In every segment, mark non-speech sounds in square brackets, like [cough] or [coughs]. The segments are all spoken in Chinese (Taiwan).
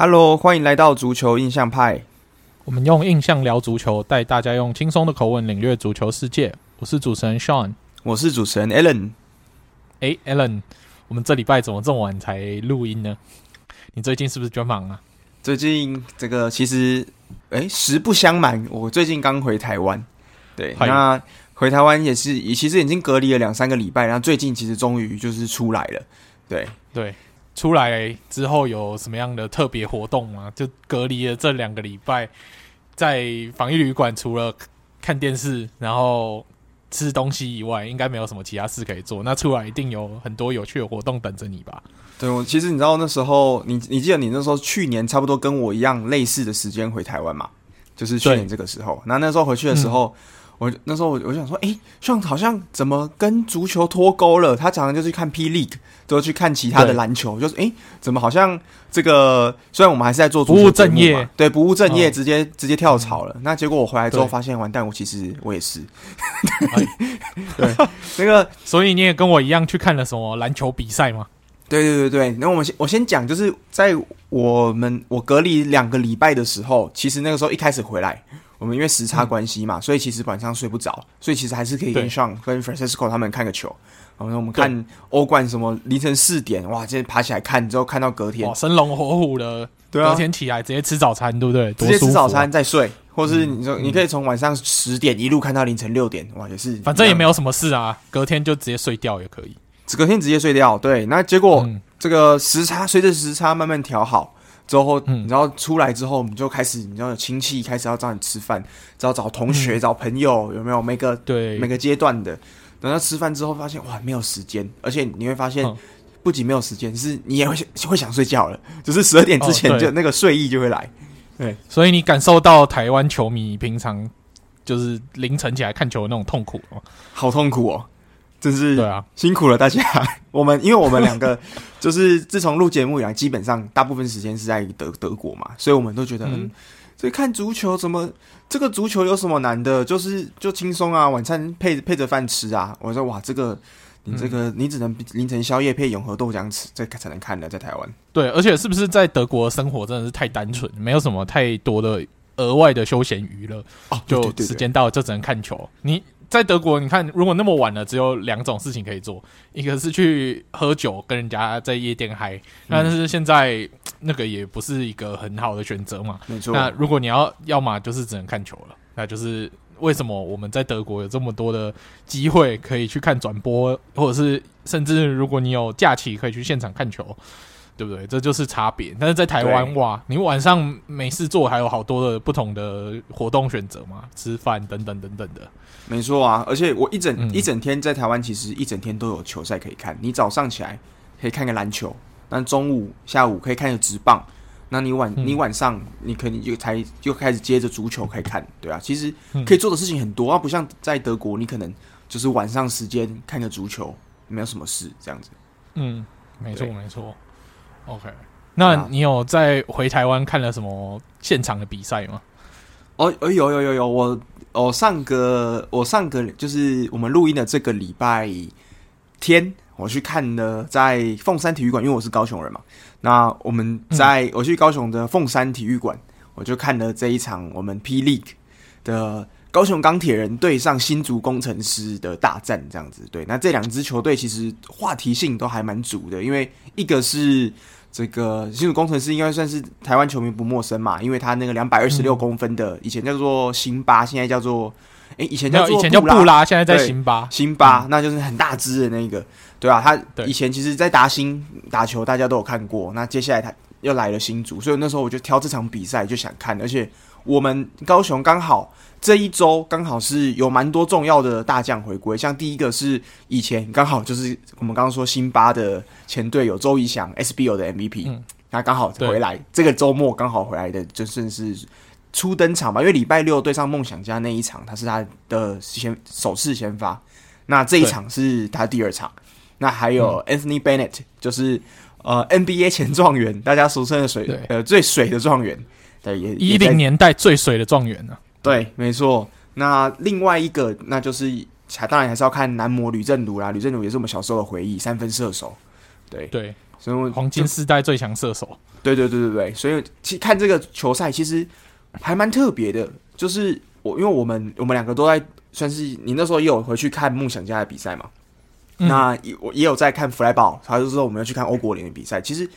Hello，歡迎來到足球印象派。我們用印象聊足球，帶大家用輕鬆的口吻領略足球世界。我是主持人 Sean，我是主持人 Ellen，欸，Ellen，我們這禮拜怎麼這麼晚才錄音呢？你最近是不是專忙啊？最近這個其實，誒、欸、實不相瞞，我最近剛回台灣。對，那回台灣也是，也其實已經隔離了兩三個禮拜，然後最近其實終於就是出來了。對，對。出來之後有什麼樣的特別活動嗎？就隔離了這兩個禮拜，在防疫旅館除了看電視，然後吃東西以外，應該沒有什麼其他事可以做。那出來一定有很多有趣的活動等着你吧？對，我其實你知道那時候，你你記得你那時候去年差不多跟我一樣類似的時間回台灣嘛？就是去年這個時候，那那時候回去的時候。嗯我就那時候我我想說，哎、欸，像好像怎麼跟足球脫鈎了？他常常就去看 P League，就去看其他的籃球，就是哎、欸，怎麼好像這個雖然我們還是在做足球不務正業，對不務正業、欸、直接直接跳槽了。那結果我回來之後發現，完蛋，我其實我也是。欸、 [laughs] 對，對 [laughs] 那個，所以你也跟我一樣去看了什麼籃球比賽嗎？對對對對，那我們先我先講，就是在我們我隔離兩個禮拜的時候，其實那個時候一開始回來。我們因為時差關係嘛、嗯，所以其實晚上睡不着，所以其實還是可以跟上跟 Francisco 他們看個球。然後我們看歐冠什麼凌晨四點哇，直接爬起來看，之後看到隔天哇，生龍活虎的。對啊，隔天起來直接吃早餐，對不對？直接吃早餐再睡，或是你說你可以從晚上十點一路看到凌晨六點，哇，也是，反正也沒有什麼事啊，隔天就直接睡掉也可以，隔天直接睡掉。對，那結果這個時差隨着、嗯、時差慢慢調好。之後，你知道出來之後，你就開始，你知道有親戚開始要找你吃飯，找找同學、嗯、找朋友，有沒有？每個對每個階段的，等到吃飯之後，發現哇，沒有時間，而且你會發現，嗯、不僅沒有時間，是你也會會想睡覺了，只、就是十二點之前就、哦、那個睡意就會來。對，所以你感受到台灣球迷平常就是凌晨起來看球的那種痛苦嗎？好痛苦哦。真是對啊，辛苦了大家。我們因為我們兩個就是自從錄節目以來，基本上大部分時間是在德德國嘛，所以我們都覺得，嗯，這看足球怎麼，這個足球有什麼難的？就是就輕鬆啊，晚餐配配着飯吃啊。我說哇，這個你這個你只能凌晨宵夜配永和豆漿吃，這才能看的在台灣。對，而且是不是在德國的生活真的是太單純，沒有什麼太多的額外的休閒娛樂啊？就時間到了就只能看球，你。在德國，你看，如果那麼晚了，只有兩種事情可以做，一個是去喝酒跟人家在夜店嗨，但是，嗯，現在那個也不是一個很好的選擇嘛。沒錯，那如果你要，要麼就是只能看球了。那就是為什麼我們在德國有這麼多的機會可以去看轉播，或者是甚至如果你有假期可以去現場看球。對不對？這就是差別。但是在台灣哇，你晚上沒事做，還有好多的不同的活動選擇嘛，吃飯等等等等的。沒錯啊，而且我一整、嗯、一整天在台灣，其實一整天都有球賽可以看。你早上起來可以看個籃球，那中午下午可以看個職棒，那你晚、嗯、你晚上你可能就才就開始接着足球可以看，對啊，其實可以做的事情很多、嗯、啊，不像在德國，你可能就是晚上時間看個足球，沒有什麼事這樣子。嗯，沒錯，沒錯。OK，那你有在回台灣看了什麼現場的比賽嗎？哦，哎，有有有有，我，我上個我上個就是我們錄音的這個禮拜天，我去看了在鳳山體育館，因為我是高雄人嘛。那我們在、嗯、我去高雄的鳳山體育館，我就看了這一場我們 P League 的高雄鋼鐵人對上新竹工程師的大戰，這樣子。對，那這兩支球隊其實話題性都還蠻足的，因為一個是。這個新竹工程師應該算是台灣球迷不陌生嘛，因為他那個兩百二十六公分的、嗯，以前叫做辛巴，現在叫做哎、欸，以前叫布以前叫布拉，現在在辛巴，辛巴、嗯，那就是很大隻的那個，對啊，他以前其實在打新，在達欣打球，大家都有看過。那接下來他又來了新竹，所以那時候我就挑這場比賽就想看，而且我們高雄剛好。這一周剛好是有蠻多重要的大將回歸，像第一個是以前剛好就是我們剛剛說辛巴的前隊友周一翔，SBO 的 MVP，、嗯、他剛好回來。這個周末剛好回來的，就算是初登場吧，因為禮拜六對上夢想家那一場，他是他的先首次先發。那這一場是他第二場。那還有 Anthony Bennett，、嗯、就是呃 NBA 前狀元，大家俗稱的水對呃最水的狀元，對，一零年代最水的狀元呢、啊。對，沒錯。那另外一個，那就是還當然還是要看男模呂政儒啦。呂政儒也是我們小時候的回憶，三分射手。對對，所以我黃金世代最強射手。對對對對對，對，所以其實看這個球賽其實還蠻特別的，就是我因為我們我們兩個都在算是你那時候也有回去看夢想家的比賽嘛，嗯，那也我也有在看弗萊堡他就說，我們要去看歐國聯的比賽。其實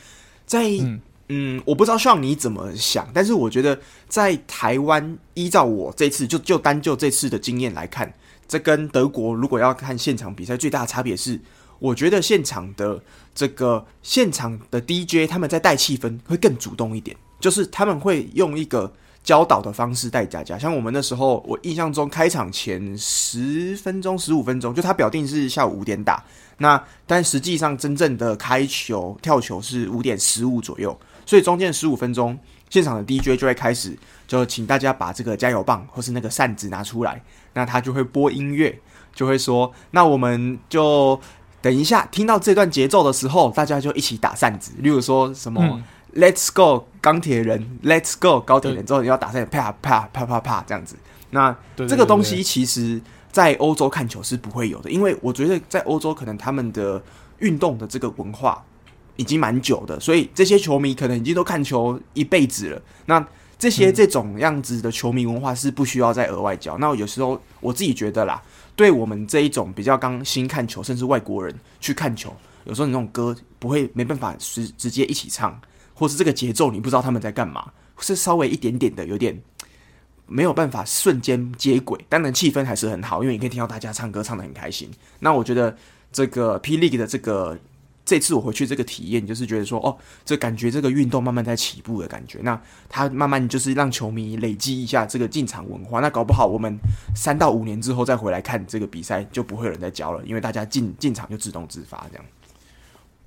在，在，嗯嗯，我不知道像你怎麼想，但是我覺得在台灣，依照我這次就就單就這次的經驗來看，這跟德國如果要看現場比賽最大的差別是，我覺得現場的這個現場的 DJ 他們在帶氣氛會更主動一點，就是他們會用一個教導的方式帶大家。像我們那時候，我印象中開場前十分鐘、十五分鐘，就他表定是下午五點打，那但實際上真正的開球跳球是五點十五左右。所以中間十五分鐘，現場的 DJ 就會開始，就請大家把這個加油棒或是那個扇子拿出來，那他就會播音樂，就會說：“那我們就等一下聽到這段節奏的時候，大家就一起打扇子。”例如說什麼，嗯，“Let's go 鋼鐵人”，嗯，“Let's go 高鐵人”之後你要打扇子，啪啪啪啪啪這樣子。那這個東西其實，在歐洲看球是不會有的，因為我覺得在歐洲可能他們的運動的這個文化，已經蠻久的，所以這些球迷可能已經都看球一輩子了，那這些這種樣子的球迷文化是不需要再額外教，嗯。那有時候我自己覺得啦，對我們這一種比較剛新看球，甚至外國人去看球，有時候你那種歌不會沒辦法直直接一起唱，或是這個節奏你不知道他們在幹嘛，是稍微一點點的有點沒有辦法瞬間接軌，當然氣氛還是很好，因為你可以聽到大家唱歌唱得很開心。那我覺得這個 P League 的這個。這次我回去這個體驗，就是覺得說，哦，這感覺這個運動慢慢在起步的感覺。那他慢慢就是讓球迷累積一下這個進場文化。那搞不好我們三到五年之後再回來看這個比賽，就不會有人再教了，因為大家進進場就自動自發這樣。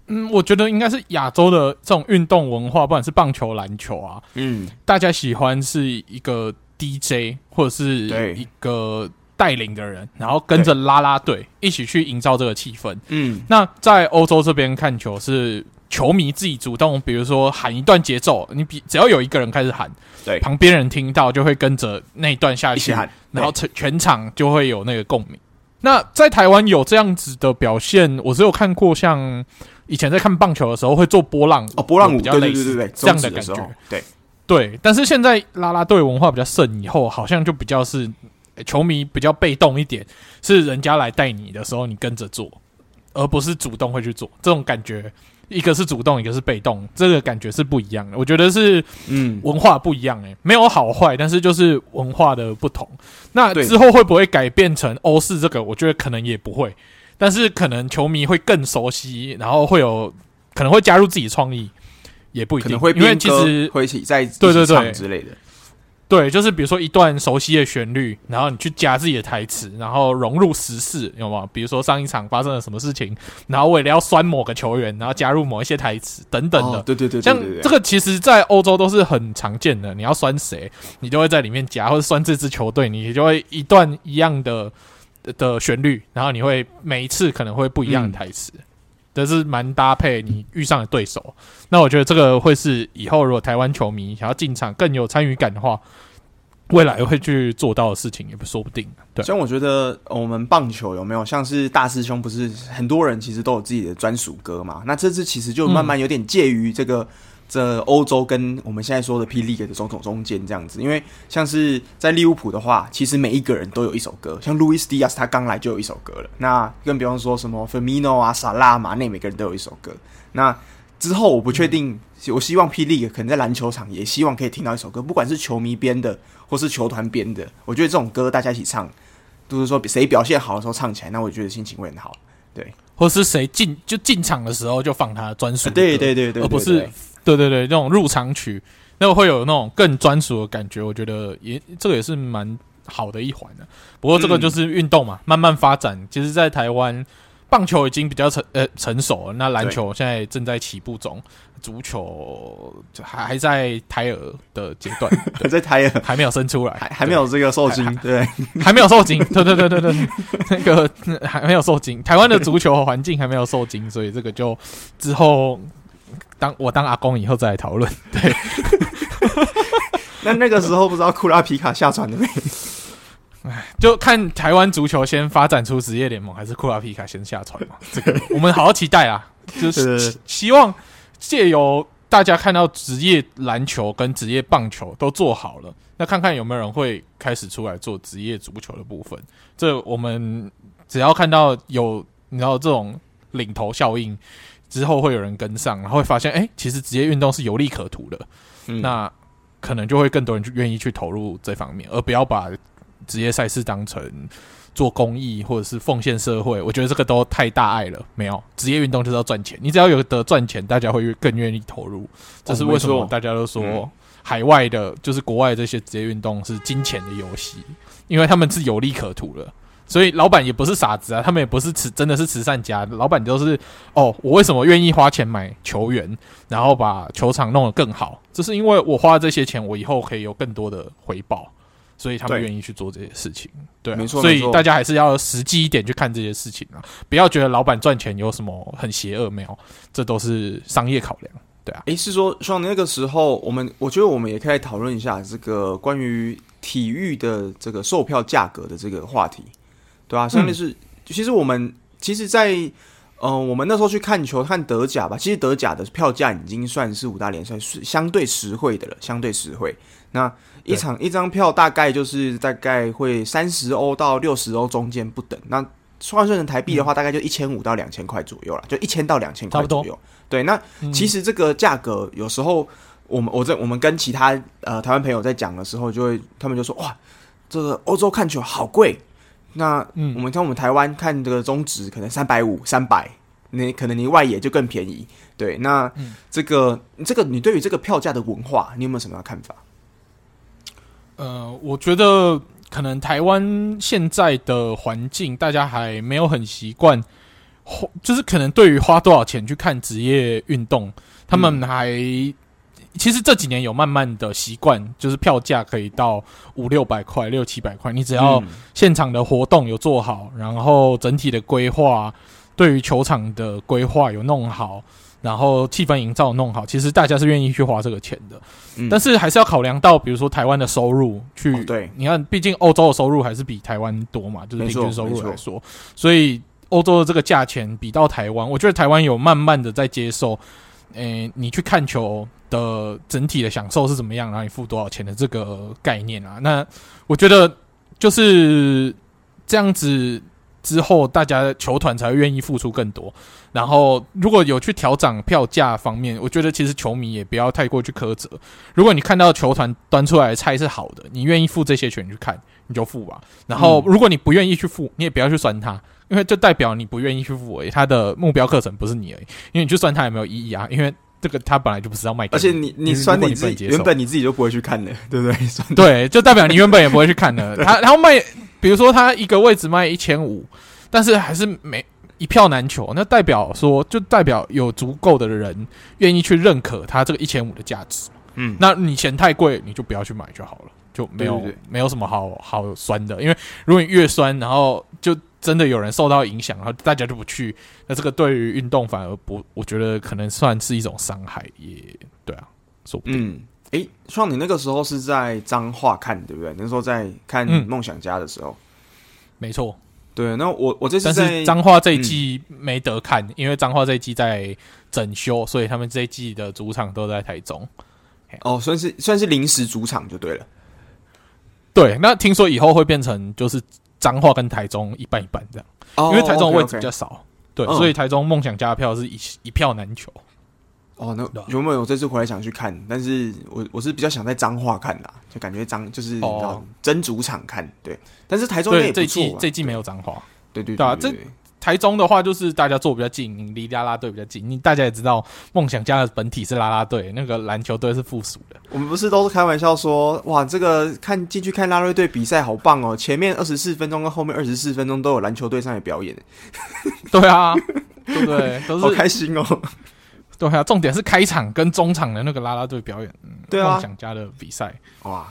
嗯，我覺得應該是亞洲的這種運動文化，不管是棒球、籃球啊，嗯，大家喜歡是一個 DJ 或者是一個。對帶領的人，然後跟着拉拉隊一起去營造這個氣氛。嗯，那在歐洲這邊看球是球迷自己主動，比如說喊一段節奏，你比只要有一個人開始喊，對，旁邊人聽到就會跟着那一段下去一起喊，然後全場就會有那個共鳴。那在台灣有這樣子的表現，我只有看過像以前在看棒球的時候會做波浪哦，波浪舞比較類似這樣的感覺。對對，但是現在拉拉隊文化比較盛，以後好像就比較是。球迷比較被動一點，是人家來帶你的時候，你跟着做，而不是主動會去做這種感覺。一個是主動，一個是被動，這個感覺是不一樣的。我覺得是，嗯，文化不一樣哎、欸嗯，沒有好壞，但是就是文化的不同。那之後會不會改變成歐式？這個我覺得可能也不會，但是可能球迷會更熟悉，然後會有可能會加入自己創意，也不一定會，因為其實會一起在對對對，對之類的。對，就是比如說一段熟悉的旋律，然後你去加自己的台詞，然後融入時事，有沒有？比如說上一場發生了什麼事情，然後為了要酸某個球員，然後加入某一些台詞等等的。哦、對，對，對，對，對，對對對，像這個其實，在歐洲都是很常見的。你要酸誰，你就會在裡面夾，或者酸這支球隊，你就會一段一樣的的旋律，然後你會每一次可能會不一樣的台詞。嗯但是蠻搭配，你遇上的對手，那我覺得這個會是以後如果台灣球迷想要進場更有參與感的話，未來會去做到的事情也不說不定。對，所以我覺得、哦、我們棒球有沒有像是大師兄，不是很多人其實都有自己的專屬歌嘛？那這支其實就慢慢有點介於這個。嗯這歐洲跟我們現在說的 P. League 的總統中間這樣子，因為像是在利物浦的話，其實每一個人都有一首歌，像路易斯迪亞斯，他剛來就有一首歌了。那跟比方說什麼 Firmino 啊 Sala、薩拉、馬內，那每個人都有一首歌。那之後我不確定，我希望 P. League 可能在籃球場也希望可以聽到一首歌，不管是球迷編的或是球團編的，我覺得這種歌大家一起唱，都、就是說誰表現好的時候唱起來，那我覺得心情會很好。對，或是誰進就進場的時候就放他的專屬的、啊。對對對對，對，而不是對對對。對對對，那種入場曲，那個、會有那種更專屬的感覺，我覺得也這個也是蠻好的一環的、啊。不過這個就是運動嘛，嗯、慢慢發展。其實，在台灣，棒球已經比較成呃、成熟了，那籃球現在正在起步中，足球還還在胎兒的階段，還在胎兒還沒有生出來，還還沒有這個受精，對還，還沒有受精，對對對對對， [laughs] 那個那還沒有受精，台灣的足球環境還沒有受精，所以這個就之後。當我當阿公以後再來討論，對。 [laughs] [laughs] 那那個時候不知道庫拉皮卡下船有沒有？唉，就看台灣足球先發展出職業聯盟，還是庫拉皮卡先下船嘛？這個 [laughs] 我們好好期待啊！ [laughs] 就是 [laughs] 希望借由大家看到職業籃球跟職業棒球都做好了，那看看有沒有人會開始出來做職業足球的部分。這個、我們只要看到有，你知道這種領頭效應。之後會有人跟上，然後會發現，誒，其實職業運動是有利可圖的。嗯，那可能就會更多人願意去投入這方面，而不要把職業賽事當成做公益或者是奉獻社會。我覺得這個都太大愛了，沒有職業運動就是要賺錢。你只要有得賺錢，大家會更願意投入。這是為什麼大家都說海外的就是國外這些職業運動是金錢的遊戲，因為他們是有利可圖的。所以老闆也不是傻子啊，他們也不是慈，真的是慈善家。老闆就是哦，我為什麼願意花錢買球員，然後把球場弄得更好？這是因為我花了這些錢，我以後可以有更多的回報，所以他們願意去做這些事情。對，對啊、沒錯。所以大家還是要實際一點去看這些事情啊，不要覺得老闆賺錢有什麼很邪惡，沒有，這都是商業考量。對啊，誒，是說像那個時候，我們，我覺得我們也可以討論一下這個關於體育的這個售票價格的這個話題。對啊，上面是、嗯。其實我們其實在，在呃，我們那時候去看球，看德甲吧。其實德甲的票價已經算是五大聯賽是相對實惠的了，相對實惠。那一場一張票大概就是大概會三十歐到六十歐中間不等。那換算，算成台幣的話，大概就一千五到兩千塊左右了，就一千到兩千塊左右。對，那其實這個價格有時候我們、嗯、我在我們跟其他呃台灣朋友在講的時候，就會他們就說哇，這個歐洲看球好貴。那、嗯、我們看我們台灣看這個中職可能三百五三百，那可能你外野就更便宜。對，那、嗯、這個這個你對於這個票價的文化，你有沒有什麼看法？呃，我覺得可能台灣現在的環境，大家還沒有很習慣，就是可能對於花多少錢去看職業運動、嗯，他們還。其實這幾年有慢慢的習慣，就是票價可以到五六百塊、六七百塊。你只要現場的活動有做好，嗯、然後整體的規劃，對於球場的規劃有弄好，然後氣氛營造弄好，其實大家是願意去花這個錢的。嗯、但是還是要考量到，比如說台灣的收入，去、哦、對，你看，畢竟歐洲的收入還是比台灣多嘛，就是平均收入來說，所以歐洲的這個價錢比到台灣，我覺得台灣有慢慢的在接受。誒，你去看球，的整體的享受是怎麼樣？然後你付多少錢的這個概念啊？那我覺得就是這樣子之後，大家球團才會願意付出更多。然後如果有去調整票價方面，我覺得其實球迷也不要太過去苛責。如果你看到球團端出來的菜是好的，你願意付這些錢去看，你就付吧。然後如果你不願意去付，你也不要去酸它，因為就代表你不願意去付而已，它的目標課程不是你而已，因為你去酸它也沒有意義啊，因為。這個他本來就不是要賣，而且你你酸的你自己你，原本你自己就不會去看的，對不對？對酸的？對，就代表你原本也不會去看的。 [laughs] 他然後賣，比如說他一個位置賣一千五，但是還是沒一票難求，那代表說就代表有足夠的人願意去認可他這個一千五的價值。嗯，那你嫌太貴，你就不要去買就好了，就沒有，對對對，沒有什麼好好酸的，因為如果你越酸，然後就。真的有人受到影響，然後大家就不去，那這個對於運動反而不，我覺得可能算是一種傷害也，也對啊，說不定。誒、嗯、創，欸、算你那個時候是在彰化看，對不對？那時候在看《夢想家》的時候，嗯、沒錯。對，那我我這次是，但是彰化這一季沒得看，嗯、因為彰化這一季在整修，所以他們這一季的主場都在台中。哦，是算是算是臨時主場就對了。對，那聽說以後會變成就是。彰化跟台中一半一半這樣，哦、因為台中的位置比較少，哦、okay, okay 對、嗯，所以台中夢想家的票是一一票難求。哦，那有沒有我這次回來想去看？但是我我是比較想在彰化看的，就感覺彰就是、哦、真主場看。對，但是台中那也這一季這一季沒有彰化，對對對、對、對、對、啊台中的話，就是大家坐比較近，離啦啦隊比較近。你大家也知道，夢想家的本體是啦啦隊，那個籃球隊是附屬的。我們不是都是開玩笑說，哇，這個看進去看啦啦隊比賽好棒哦！前面二十四分鐘跟後面二十四分鐘都有籃球隊上的表演。對啊， [laughs] 對不對？都是好開心哦。對啊，重點是開場跟中場的那個啦啦隊表演。對啊，夢想家的比賽哇，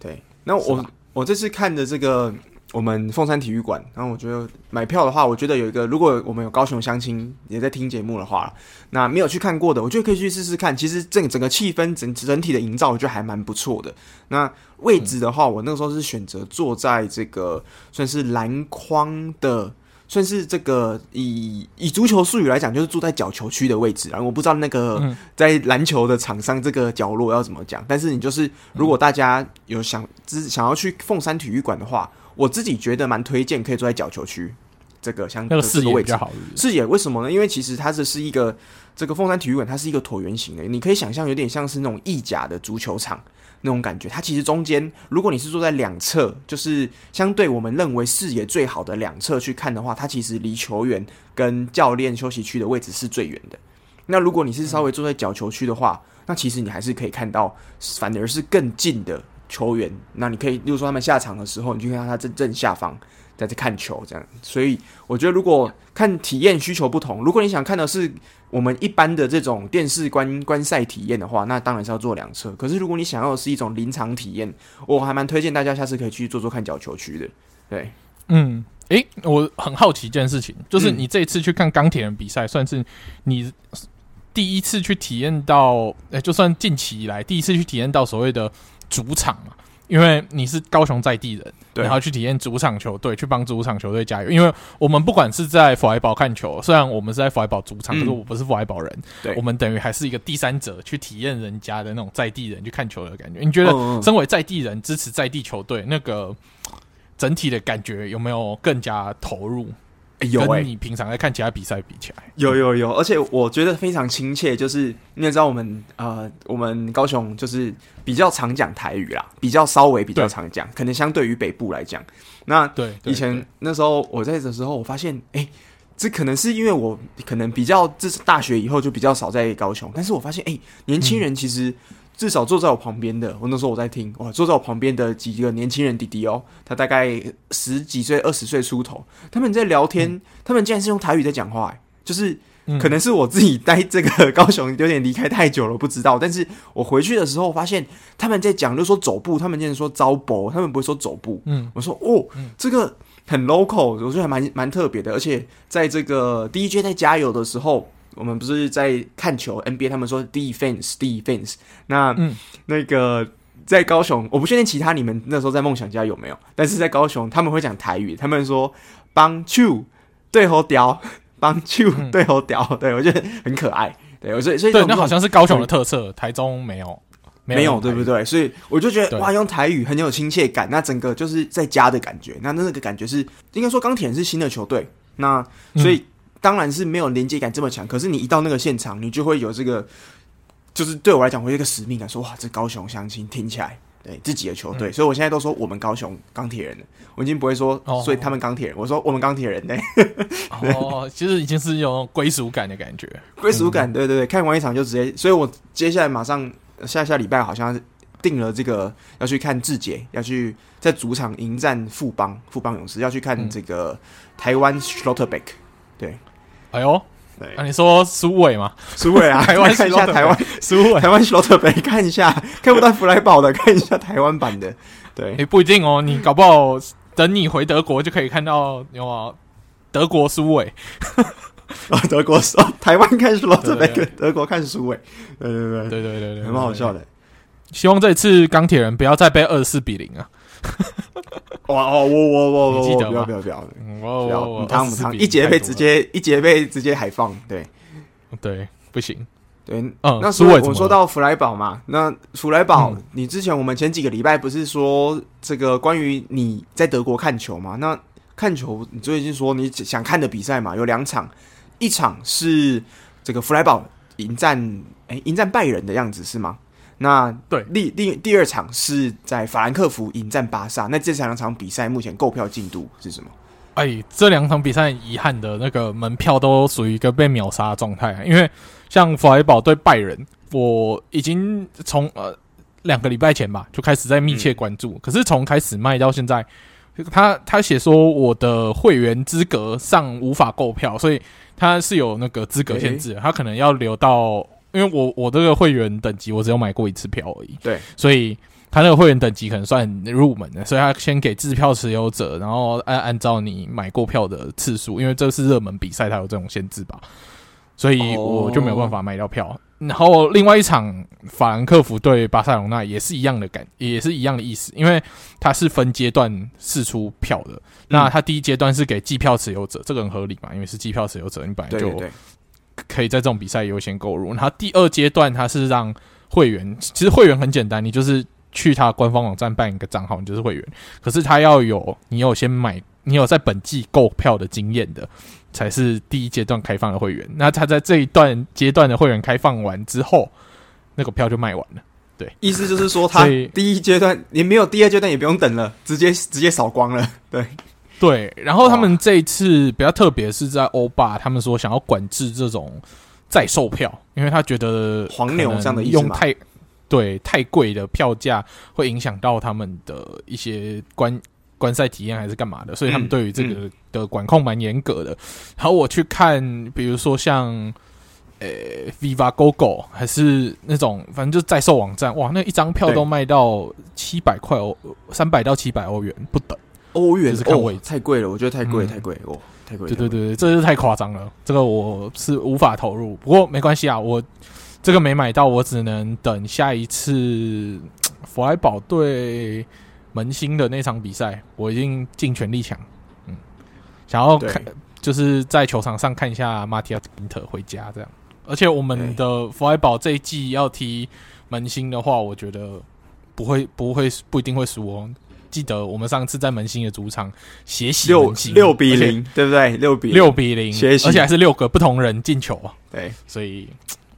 對。那我我這次看的這個。我們鳳山體育館，然後我覺得買票的話，我覺得有一個，如果我們有高雄鄉親也在聽節目的話，那沒有去看過的，我覺得可以去試試看。其實整個整個氣氛整整體的營造，我覺得還蠻不錯的。那位置的話，我那個時候是選擇坐在這個算是籃框的，算是這個以以足球術語來講，就是坐在角球區的位置。然後我不知道那個在籃球的場上這個角落要怎麼講，但是你就是如果大家有想只想要去鳳山體育館的話，我自己覺得蠻推薦，可以坐在角球區這個，相對視野比較好是不是？視野為什麼呢？因為其實它這是一個這個鳳山體育館，它是一個橢圓形的，你可以想象有點像是那種意甲的足球場那種感覺。它其實中間，如果你是坐在兩側，就是相對我們認為視野最好的兩側去看的話，它其實離球員跟教練休息區的位置是最遠的。那如果你是稍微坐在角球區的話，那其實你還是可以看到，反而是更近的。球員，那你可以，比如說他們下場的時候，你就可以看到他正正下方在這看球，這樣。所以我覺得，如果看體驗需求不同，如果你想看的是我們一般的這種電視觀觀賽體驗的話，那當然是要坐兩側。可是，如果你想要的是一種臨場體驗，我還蠻推薦大家下次可以去做做看角球區的。對，嗯，誒、欸，我很好奇一件事情，就是你這一次去看鋼鐵人比賽、嗯，算是你第一次去體驗到，誒、欸，就算近期以來第一次去體驗到所謂的。主場嘛，因為你是高雄在地人，然後去體驗主場球隊，去幫主場球隊加油。因為我們不管是在弗萊堡看球，雖然我們是在弗萊堡主場，嗯，可是我不是弗萊堡人，我們等於還是一個第三者去體驗人家的那種在地人去看球的感覺。你覺得身為在地人，嗯嗯，支持在地球隊，那個整體的感覺有沒有更加投入？欸、有哎、欸，你平常在看其他比賽比起來，有有有，而且我覺得非常親切，就是你也知道我們呃，我們高雄就是比較常講台語啦，比較稍微比較常講，可能相對於北部來講。那對以前那時候我在的時候，我發現哎、欸，這可能是因為我可能比較這是大學以後就比較少在高雄，但是我發現哎、欸，年輕人其實。嗯至少坐在我旁邊的，我那時候我在聽哇，坐在我旁邊的幾個年輕人弟弟哦、喔，他大概十幾歲、二十歲出頭，他們在聊天、嗯，他們竟然是用台語在講話、欸，就是可能是我自己待這個高雄有點離開太久了，我不知道。但是我回去的時候發現他們在講，就是、說走步，他們竟然說招薄，他們不會說走步，嗯，我說哦，這個很 local，我覺得還蠻蠻特別的，而且在這個 DJ 在加油的時候。我們不是在看球 NBA，他們說 defense defense 那、嗯。那那個在高雄，我不確定其他你們那時候在夢想家有沒有，但是在高雄他們會講台語，他們說幫 two 對吼屌，幫 two 對吼屌，對我覺得很可愛，對，我所以所以那，那好像是高雄的特色，台中沒有沒有對不對？所以我就覺得哇，用台語很有親切感，那整個就是在家的感覺，那那個感覺是應該說鋼鐵人是新的球隊，那所以。嗯當然是沒有連接感這麼強，可是你一到那個現場，你就會有這個，就是對我來講，我有一個使命感，說哇，這高雄鄉親聽起來，對，自己的球隊、嗯，所以我現在都說我們高雄鋼鐵人，我已經不會說哦，所以他們鋼鐵人，我說我們鋼鐵人呢、欸。哦，其 [laughs] 實、就是、已經是種歸屬感的感覺，歸屬感，對對對，看完一場就直接，嗯、所以我接下來馬上下下禮拜好像定了這個要去看志傑，要去在主場迎戰富邦，富邦勇士要去看這個、嗯、台灣 Schlotterbeck，對。哎呦，那、啊、你說蘇偉嗎？蘇偉啊， [laughs] 台灣灣看一下台灣蘇偉，台灣是羅特貝，看一下看不到弗萊堡的， [laughs] 看一下台灣版的。對，也、欸、不一定哦，你搞不好等你回德國就可以看到有,沒有、啊、德國蘇偉。 [laughs] 哦，德國蘇、哦，台灣看羅特貝，德國看蘇偉。對對對對對對,對,對,對,對，很好笑的。對對對對希望這次鋼鐵人不要再被二十四比零啊。 [laughs] 哇哦，我我我我我，不要不要不要的，不要我我我，湯姆湯一節被直接一節被直接海放，對對，不行，對，嗯，那時我我們說到弗萊堡嘛、嗯、嘛，那弗萊堡、嗯，你之前我們前幾個禮拜不是說這個關於你在德國看球嘛？那看球，你最近說你想看的比賽嘛？有兩場，一場是這個弗萊堡迎戰，哎、欸，迎戰拜仁的樣子是嗎？那對第第第二場是在法蘭克福迎戰巴薩，那這兩場比賽目前購票進度是什麼？哎、欸，這兩場比賽遺憾的那個門票都屬於一個被秒殺的狀態，因為像弗萊堡對拜仁，我已經從呃兩個禮拜前吧就開始在密切關注，嗯、可是從開始賣到現在，他他寫說我的會員資格上無法購票，所以他是有那個資格限制、欸，他可能要留到。因為我我這個會員等級我只有買過一次票而已，對，所以他那個會員等級可能算入門的，所以他先給季票持有者，然後按按照你買過票的次數，因為這是熱門比賽，他有這種限制吧，所以我就沒有辦法買到票，哦。然後另外一場法蘭克福對巴塞羅那也是一樣的感，也是一樣的意思，因為它是分階段釋出票的，嗯。那他第一階段是給季票持有者，這個很合理嘛，因為是季票持有者，你本來就。對對對可以在這種比賽優先購入，然後第二階段它是讓會員，其實會員很簡單，你就是去他官方網站辦一個賬號，你就是會員。可是他要有，你要有先買，你有在本季購票的經驗的，才是第一階段開放的會員。那他在這一段階段的會員開放完之後，那個票就賣完了。對，意思就是說，他第一階段你沒有，第二階段也不用等了，直接直接掃光了。對。對，然後他們這一次比較特別是在歐巴，他們說想要管制這種在售票，因為他覺得黃牛這樣的意思，用太，對，太貴的票價會影響到他們的一些觀觀賽體驗還是幹嘛的，所以他們對於這個的管控蠻嚴格的。嗯，然後我去看，比如說像呃，Viva GoGo，還是那種反正就在售網站，哇，那一張票都賣到七百塊歐，三百到七百歐元不等。歐、哦、元、哦、太貴了，我覺得太貴、嗯，太貴，哦，太貴。對對對,對對對，這是太誇張了，這個我是無法投入。不過沒關係啊，我這個沒買到，我只能等下一次弗萊堡對門興的那場比賽，我已經盡全力搶，嗯，想要看，就是在球場上看一下馬蒂亞斯·賓特回家這樣。而且我們的弗萊堡這一季要踢門興的話、欸，我覺得不會不會不一定會輸哦。記得我們上次在門興的主場血洗六六比零，對不對？六比零六比零，而且還是六個不同人進球啊！對，所以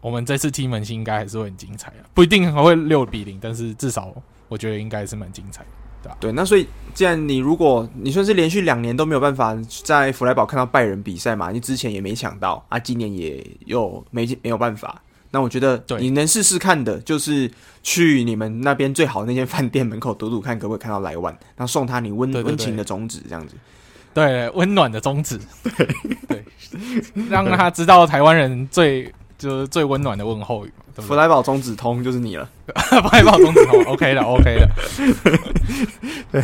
我們這次踢門興應該還是會很精彩，啊、不一定還會六比零，但是至少我覺得應該是蠻精彩的，對吧，啊？對，那所以既然你如果你算是連續兩年都沒有辦法在弗萊堡看到拜仁比賽嘛，你之前也沒搶到啊，今年也又沒沒有辦法。那我覺得你能試試看的，就是去你們那邊最好的那間飯店門口堵堵看，可不可以看到萊萬，然後送他你溫對對對，溫情的種子，這樣子，對，溫暖的種子，對， [laughs] 對，讓他知道台灣人最就是最溫暖的問候語。福來堡種子通就是你了，福 [laughs] 來堡種子通，OK 的，OK 的， [laughs] OK 的 OK 的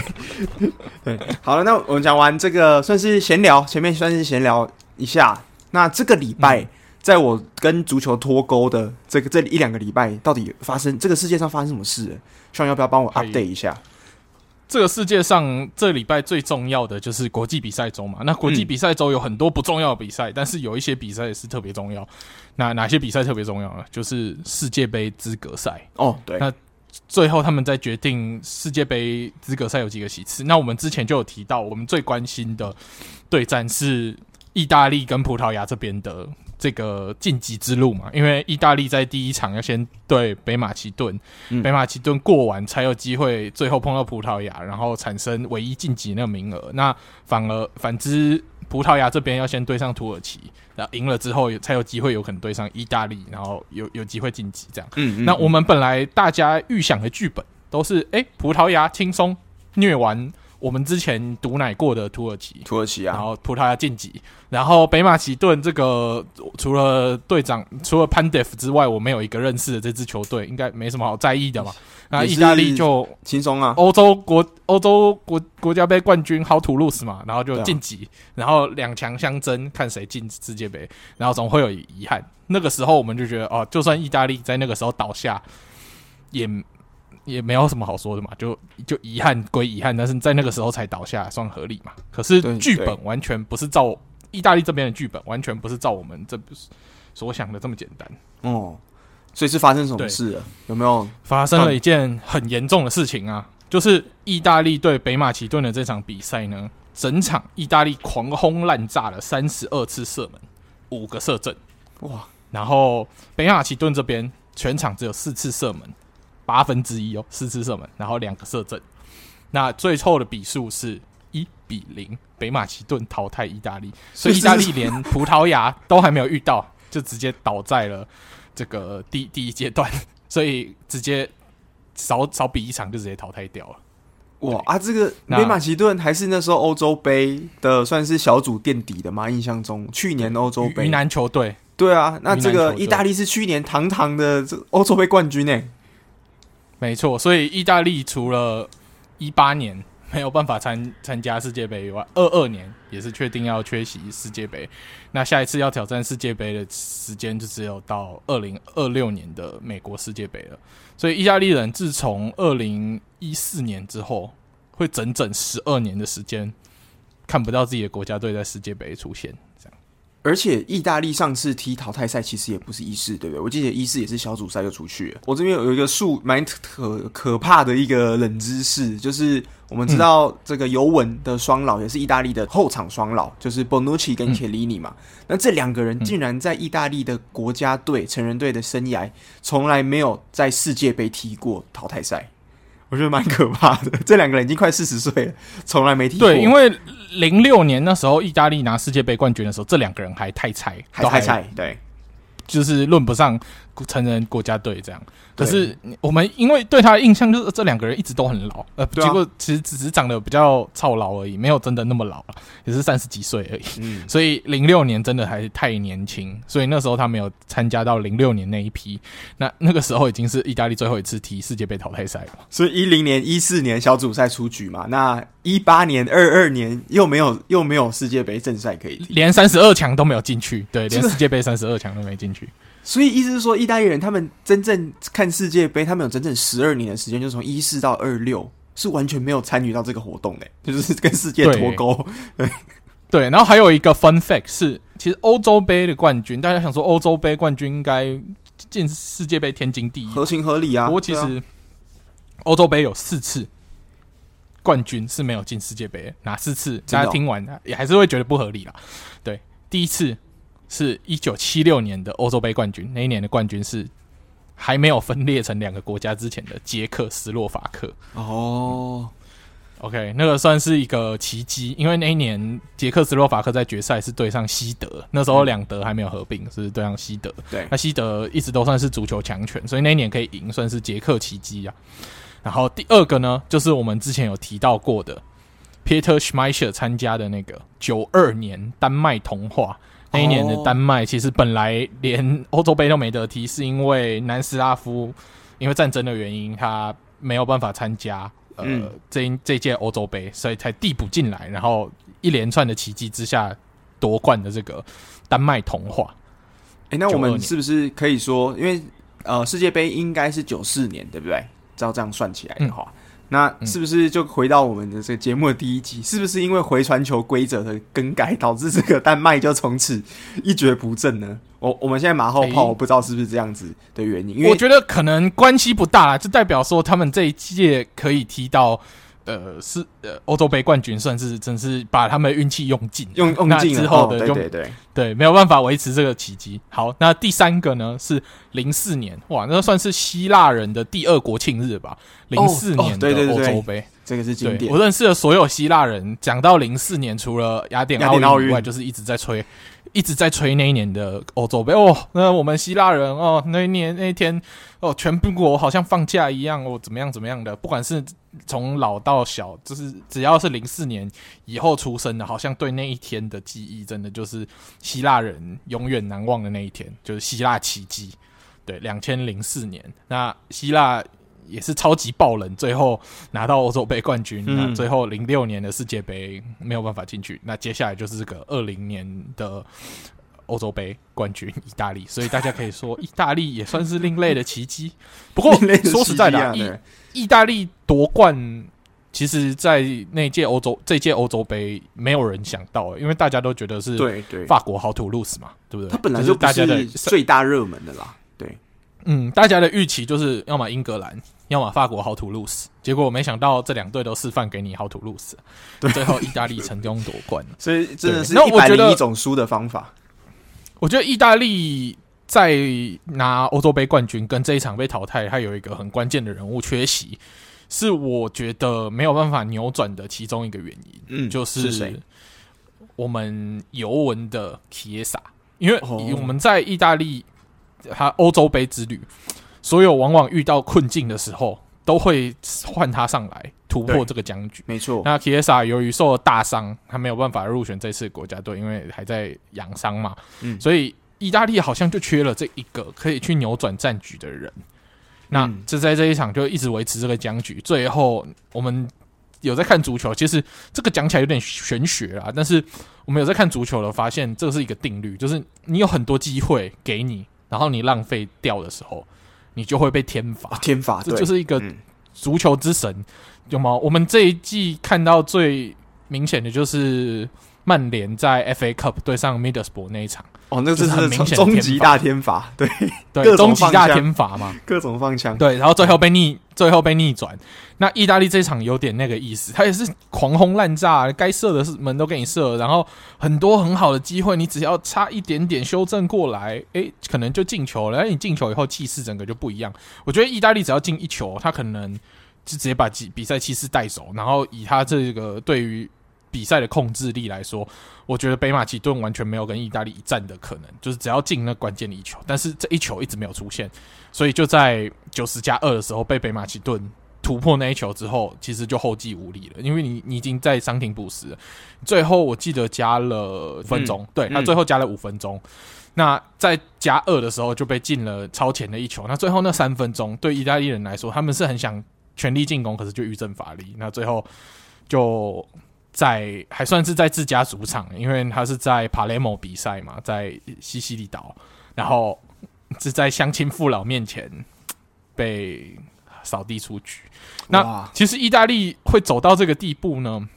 [laughs] 對對，好了，那我們講完這個算是閒聊，前面算是閒聊一下，那這個禮拜。嗯在我跟足球脫鈎的這個這一兩個禮拜，到底發生這個世界上發生什麼事？Sean，要不要幫我 update 一下？Hey. 這個世界上這禮拜最重要的就是國際比賽週嘛。那國際比賽週有很多不重要的比賽、嗯，但是有一些比賽也是特別重要。那哪，哪些比賽特別重要呢？就是世界盃資格賽。哦、oh，對。那最後他們在決定世界盃資格賽有幾個席次。那我們之前就有提到，我們最關心的對戰是意大利跟葡萄牙這邊的。這個晉級之路嘛，因為意大利在第一場要先對北馬其頓、嗯，北馬其頓過完才有機會最後碰到葡萄牙，然後產生唯一晉級的那個名額。那反而反之，葡萄牙這邊要先對上土耳其，然後贏了之後才有機會有可能對上意大利，然後有有機會晉級。這樣嗯嗯嗯，那我們本來大家預想的劇本都是，哎、欸，葡萄牙輕鬆虐完。我們之前毒奶過的土耳其，土耳其啊，然後葡萄牙晉級，然後北馬其頓這個除了隊長除了潘德夫之外，我沒有一個認識的這支球隊，應該沒什麼好在意的嘛。那意大利就輕鬆啊，歐洲國歐洲國國家杯冠軍 how to lose 嘛，然後就晉級、啊，然後兩強相爭，看誰進世界杯，然後總會有遺憾。那個時候我們就覺得哦、啊，就算意大利在那個時候倒下，也。也沒有什麼好說的嘛，就就遺憾歸遺憾，但是在那個時候才倒下算合理嘛。可是劇本完全不是照意大利這邊的劇本，完全不是照我們這所想的這麼簡單哦。所以是發生什麼事了？有沒有發生了一件很嚴重的事情啊？就是意大利對北馬其頓的這場比賽呢，整場意大利狂轟濫炸了三十二次射門，五個射正，哇！然後北馬其頓這邊全場只有四次射門。八分之一哦，四次射門，然後兩個射正，那最後的比數是一比零，北馬其頓淘汰意大利，所以意大利連葡萄牙都還沒有遇到，就直接倒在了這個第第一階段，所以直接少少比一場就直接淘汰掉了。哇啊，這個北馬其頓還是那時候歐洲杯的算是小組墊底的嘛？印象中去年歐洲杯魚腩球隊。對啊，那這個意大利是去年堂堂的這歐洲杯冠軍、欸、呢。沒錯，所以意大利除了一八年沒有辦法參參加世界盃以外，二二年也是確定要缺席世界盃。那下一次要挑戰世界盃的時間就只有到二零二六年的美國世界盃了。所以意大利人自從二零一四年之後，會整整十二年的時間看不到自己的國家隊在世界盃出現，這樣。而且意大利上次踢淘汰賽其實也不是一四，對不對？我記得一四也是小組賽就出去了。我這邊有一個數蠻可可怕的一個冷知識，就是我們知道這個尤文的雙老也是意大利的後場雙老，就是 Bonucci 跟 Chiellini 嘛、嗯。那這兩個人竟然在意大利的國家隊成人隊的生涯，從來沒有在世界杯踢過淘汰賽。我覺得蠻可怕的，這兩個人已經快四十歲了，從來沒聽過。對，因為零六年那時候意大利拿世界杯冠軍的時候，這兩個人還太菜，都還太菜。對，就是論不上。成人國家隊這樣，可是我們因為對他的印象就是這兩個人一直都很老，呃、啊，結果其實只是長得比較操勞而已，沒有真的那麼老了，也是三十幾歲而已。嗯，所以零六年真的還太年輕，所以那時候他沒有參加到零六年那一批。那那個時候已經是意大利最後一次踢世界杯淘汰賽了，所以一零年、一四年小組賽出局嘛。那一八年、二二年又沒有又沒有世界杯正賽可以，連三十二強都沒有進去，對，連世界杯三十二強都沒進去。所以意思是說，意大利人他們真正看世界杯，他們有整整十二年的時間，就是從一四到二六是完全沒有參與到這個活動的、欸。就是跟世界脫鈎。對，然後還有一個 fun fact 是，其實歐洲杯的冠軍，大家想說歐洲杯冠軍應該進世界杯天經地義，合情合理啊。不過其實歐、啊、洲杯有四次冠軍是沒有進世界杯，哪四次、哦？大家聽完也還是會覺得不合理啦。對，第一次。是一九七六年的歐洲盃冠軍，那一年的冠軍是還沒有分裂成兩個國家之前的捷克斯洛伐克。哦、oh.，OK，那個算是一個奇蹟，因為那一年捷克斯洛伐克在決賽是對上西德，那時候兩德還沒有合併，是對上西德。對，那西德一直都算是足球強權，所以那一年可以贏，算是捷克奇蹟啊。然後第二個呢，就是我們之前有提到過的 Peter Schmeichel 參加的那個九二年丹麥童話。那一年的丹麥其實本來連歐洲盃都沒得踢，是因為南斯拉夫因為戰爭的原因，他沒有辦法參加呃、嗯、這這屆歐洲盃，所以才遞補進來，然後一連串的奇蹟之下奪冠的這個丹麥童話。誒、欸，那我們是不是可以說，因為呃世界杯應該是九四年對不對？照這樣算起來的話。嗯那是不是就回到我們的這個節目的第一集？嗯、是不是因為回傳球規則的更改導致這個丹麥就從此一蹶不振呢？我我們現在馬後炮，我不知道是不是這樣子的原因。欸、因為我覺得可能關係不大啦，就代表說他們這一屆可以踢到。呃，是呃，歐洲杯冠軍算是真是把他們的運氣用盡，用用盡之後的、哦，對對對，對，沒有辦法維持這個奇蹟。好，那第三個呢是零四年，哇，那算是希臘人的第二國慶日吧。零四年的、哦哦，對歐洲杯，這個是經典。我認識的所有希臘人，講到零四年，除了雅典奧運，雅典奧運以外，就是一直在吹。一直在吹那一年的歐洲杯哦，哦，那我們希臘人哦，那一年那一天哦，全國好像放假一樣哦，怎麼樣怎麼樣的？不管是從老到小，就是只要是零四年以後出生的，好像對那一天的記憶，真的就是希臘人永遠難忘的那一天，就是希臘奇蹟，對，兩千零四年那希臘。也是超級爆冷，最後拿到歐洲杯冠軍，嗯。那最後零六年的世界杯沒有辦法進去。那接下來就是這個二零年的歐洲杯冠軍，意大利。所以大家可以說，意大利也算是另類的奇蹟。 [laughs] 不過、啊、說實在的、啊，意意大利奪冠，其實在那屆歐洲，這屆歐洲杯沒有人想到、欸，因為大家都覺得是法國豪土路斯嘛，對對對，對不對？他本來就，就，是大家的就不是最大熱門的啦。對，嗯，大家的預期就是要麼英格蘭。要麼法國好土路斯，結果我沒想到這兩隊都示範給你好土路斯，最後意大利成功奪冠， [laughs] 所以真的是一百零一種輸的方法。我覺得意大利在拿歐洲盃冠軍跟這一場被淘汰，它有一個很關鍵的人物缺席，是我覺得沒有辦法扭轉的其中一個原因。嗯，就是我們尤文的基耶薩，因為我們在意大利、哦、他歐洲盃之旅。所有往往遇到困境的時候，都會換他上來突破這個僵局。沒錯，那基耶薩由於受了大傷，他沒有辦法入選這次國家隊，因為還在養傷嘛。嗯，所以意大利好像就缺了這一個可以去扭轉戰局的人。那、嗯、就在這一場就一直維持這個僵局。最後，我們有在看足球，其實這個講起來有點玄學啊。但是我們有在看足球了，發現這是一個定律，就是你有很多機會給你，然後你浪費掉的時候。你就會被天罰，天罰，這就是一個足球之神，嗯、有嗎？我們這一季看到最明顯的就是，曼聯在 FA Cup 對上 Middlesbrough 那一場，哦，那這是他的中、就是、很明顯終極大天罰，對對，終極大天罰嘛，各種放槍，對，然後最後被逆，嗯、最後被逆轉。那意大利這場有點那個意思，他也是狂轟濫炸，該射的是門都給你射，然後很多很好的機會，你只要差一點點修正過來，誒、欸，可能就進球了。你進球以後氣勢整個就不一樣。我覺得意大利只要進一球，他可能就直接把比賽氣勢帶走，然後以他這個對於。比賽的控制力來說，我覺得北馬其頓完全沒有跟意大利一戰的可能，就是只要進那關鍵的一球，但是這一球一直沒有出現，所以就在九十加二的時候被北馬其頓突破那一球之後，其實就後繼無力了，因為你你已經在傷停補時，最後我記得加了分鐘、嗯，對那最後加了五分鐘、嗯，那在加二的時候就被進了超前的一球，那最後那三分鐘對意大利人來說，他們是很想全力進攻，可是就欲振乏力，那最後就。在還算是在自家主場，因為他是在帕萊莫比賽嘛，在西西里島，然後是在鄉親父老面前被掃地出局。那其實意大利會走到這個地步呢，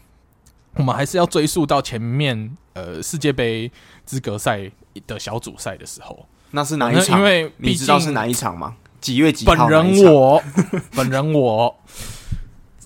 我們還是要追溯到前面呃世界杯資格賽的小組賽的時候。那是哪一場？因為你知道是哪一場嗎？幾月幾號？本人我，本人我。 [laughs]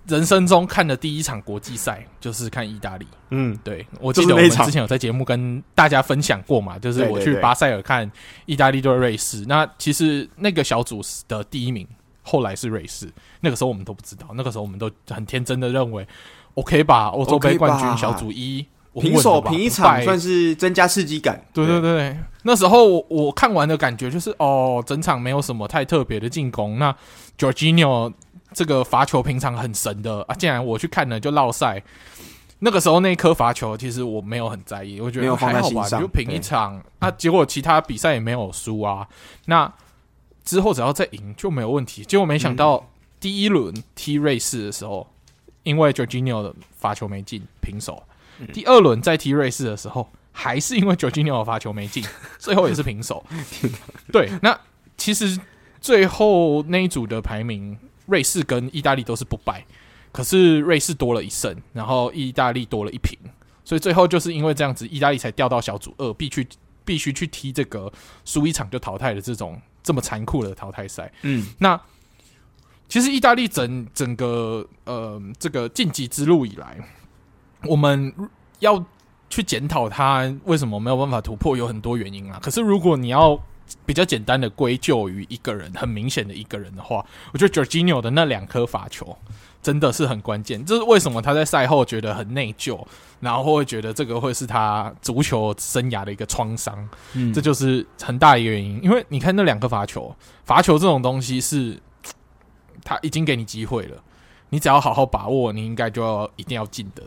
人生中看的第一場國際賽就是看意大利。嗯，對，我記得我們之前有在節目跟大家分享過嘛，就是、就是、我去巴塞爾看意大利對瑞士。對對對。那其實那個小組的第一名後來是瑞士，那個時候我們都不知道，那個時候我們都很天真的認為，我可以把歐洲盃冠軍小組一、OK、吧吧平手，平一場，算是增加刺激感。對，對對對，那時候我看完的感覺就是哦，整場沒有什麼太特別的進攻。那 Jorginho。這個罰球平常很神的啊！竟然我去看了就鬧賽。那個時候那一顆罰球，其實我沒有很在意，我覺得還好吧。就平一場啊，結果其他比賽也沒有輸啊。那之後只要再贏就沒有問題。結果沒想到第一輪踢瑞士的時候，嗯、因為 Jorginho 的罰球沒進平手。嗯、第二輪再踢瑞士的時候，還是因為 Jorginho 的罰球沒進， [laughs] 最後也是平手。 [laughs] 對，那其實最後那一組的排名。瑞士跟意大利都是不敗，可是瑞士多了一勝，然後意大利多了一平，所以最後就是因為這樣子，意大利才掉到小組二，必須必須去踢這個輸一場就淘汰的這種這麼殘酷的淘汰賽。嗯，那其實意大利整整個呃這個晉級之路以來，我們要去檢討它為什麼沒有辦法突破，有很多原因啊。可是如果你要比較簡單的歸咎於一個人，很明顯的一個人的話，我覺得 Jorginho 的那兩顆罰球真的是很關鍵。這是為什麼他在賽後覺得很內疚，然後會覺得這個會是他足球生涯的一個創傷。嗯，這就是很大一個原因。因為你看那兩顆罰球，罰球這種東西是他已經給你機會了，你只要好好把握，你應該就要一定要進的。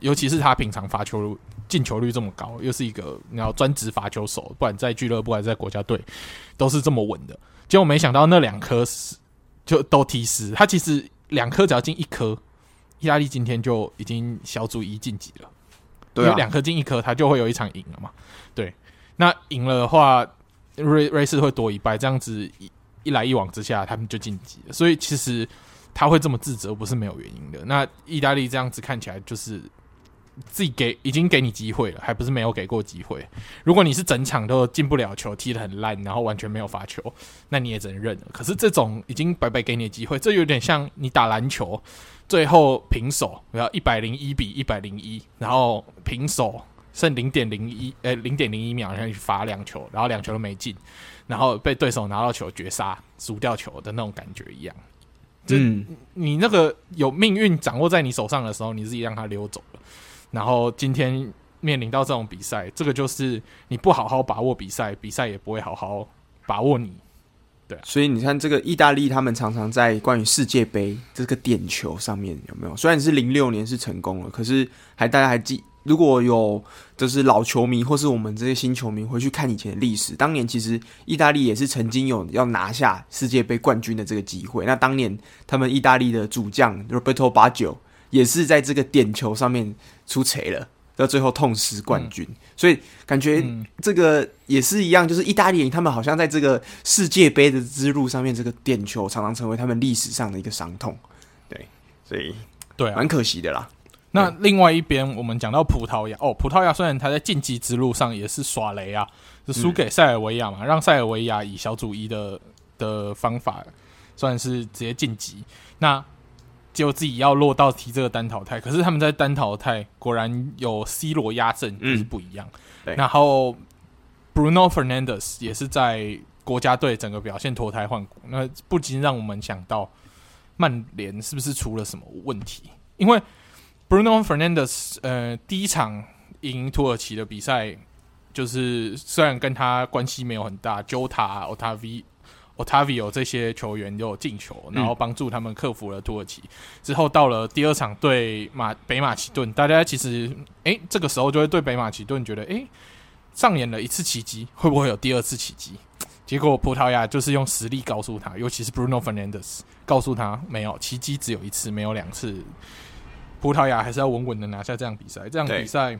尤其是他平常罰球。進球率這麼高，又是一個，然後專職罰球手，不管在俱樂部還是在國家隊，都是這麼穩的。結果沒想到那兩顆是就都踢失，他其實兩顆只要進一顆，意大利今天就已經小組一晉級了。有兩顆進一顆，他就會有一場贏了嘛。對，那贏了的話，瑞瑞士會多一敗，這樣子一來一往之下，他們就晉級了。所以其實他會這麼自責，不是沒有原因的。那意大利這樣子看起來就是。自己給已經給你機會了，還不是沒有給過機會。如果你是整場都進不了球，踢得很爛，然後完全沒有罰球，那你也只能認了。可是這種已經白白給你的機會，這有點像你打籃球，最後平手，然後一百零一比一百零一，然後平手剩零點零一，呃、零點零一秒，然後去罰兩球，然後兩球都沒進，然後被對手拿到球絕殺，輸掉球的那種感覺一樣。就是、嗯、你那個有命運掌握在你手上的時候，你自己讓它溜走了。然後今天面臨到這種比賽，這個就是你不好好把握比賽，比賽也不會好好把握你。對、啊，所以你看這個意大利，他們常常在關於世界杯這個點球上面有沒有？雖然你是零六年是成功了，可是還大家還記？如果有，就是老球迷或是我們這些新球迷回去看以前的歷史，當年其實意大利也是曾經有要拿下世界杯冠軍的這個機會。那當年他們意大利的主將 Roberto Baggio。也是在這個點球上面出槌了，到最後痛失冠軍，嗯，所以感覺這個也是一樣，嗯、就是意大利他們好像在這個世界杯的之路上面，這個點球常常成為他們歷史上的一個傷痛，對，所以對、啊，蠻可惜的啦。那另外一邊，我們講到葡萄牙哦，葡萄牙雖然他在晉級之路上也是耍雷啊，是輸給塞爾維亞嘛，嗯，讓塞爾維亞以小組一的的方法算是直接晉級，那就自己要落到踢這個單淘汰，可是他們在單淘汰，果然有 C 羅壓陣就是不一樣。嗯、對。然後 Bruno Fernandes 也是在國家隊整個表現脫胎換骨，那不禁讓我們想到曼聯是不是出了什麼問題？因為 Bruno Fernandes 呃第一場贏土耳其的比賽，就是雖然跟他關係沒有很大，Jota、Otávio。Otavio 這些球員有進球，然後幫助他們克服了土耳其。嗯、之後到了第二場對馬北馬其頓，大家其實誒、欸、這個時候就會對北馬其頓覺得誒、欸、上演了一次奇蹟，會不會有第二次奇蹟？結果葡萄牙就是用實力告訴他，尤其是 Bruno Fernandes 告訴他，沒有奇蹟，只有一次，沒有兩次。葡萄牙還是要穩穩的拿下這樣比賽。這樣比賽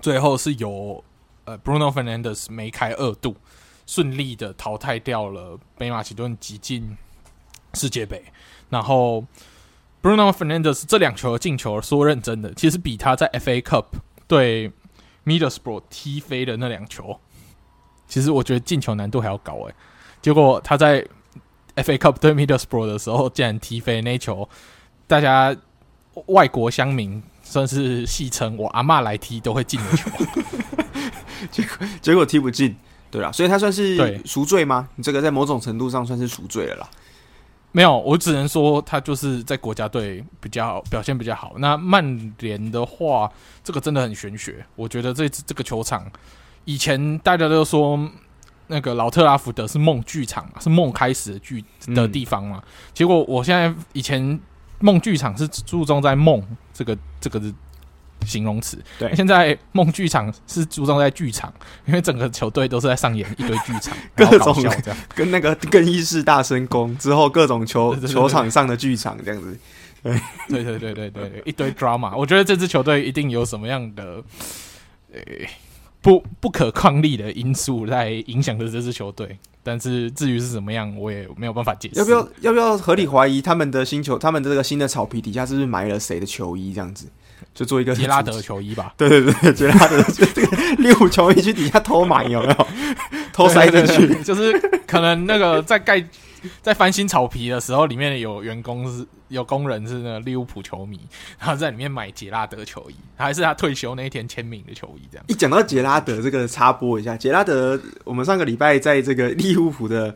最後是由呃 Bruno Fernandes 梅開二度。順利的淘汰掉了北馬其頓，擠進世界杯。然後 Bruno Fernandes 這兩球的進球，說認真的，其實比他在 FA Cup 對 Middlesbrough 踢飛的那兩球，其實我覺得進球難度還要高哎、欸。結果他在 FA Cup 對 Middlesbrough 的時候，竟然踢飛那球，大家外國鄉民算是戲稱我阿嬤來踢都會進的球 [laughs] [laughs] [laughs] 結果結果踢不進。對啊，所以他算是贖罪嗎？你這個在某種程度上算是贖罪了啦。沒有，我只能說他就是在國家隊比較表現比較好。那曼聯的話，這個真的很玄學。我覺得這這個球場以前大家都說那個老特拉福德是夢劇場，是夢開始的劇的地方嘛。嗯、結果我現在以前夢劇場是注重在夢這個這個。這個的形容詞對，現在夢劇場是注重在劇場，因為整個球隊都是在上演一堆劇場，各種跟那個更衣室大聲宮之後，各種球 [laughs] 對對對對對對球場上的劇場這樣子，對對對對對對，一堆 drama。 [laughs] 我覺得這支球隊一定有什麼樣的呃不不可抗力的因素在影響着這支球隊，但是至於是怎麼樣，我也沒有辦法解釋。要不要要不要合理懷疑他們的新球，他們的這個新的草皮底下是不是埋了誰的球衣這樣子？就做一個傑拉德球衣吧。對對對，傑拉德 [laughs] 就這個利物浦球衣去底下偷買 [laughs] 有沒有？偷塞進去對對對，就是可能那個在蓋在翻新草皮的時候，裡面有員工是 [laughs] 有工人是那個利物浦球迷，然後在裡面買傑拉德球衣，還是他退休那一天簽名的球衣這樣。一講到傑拉德，這個插播一下，傑拉德，我們上個禮拜在這個利物浦的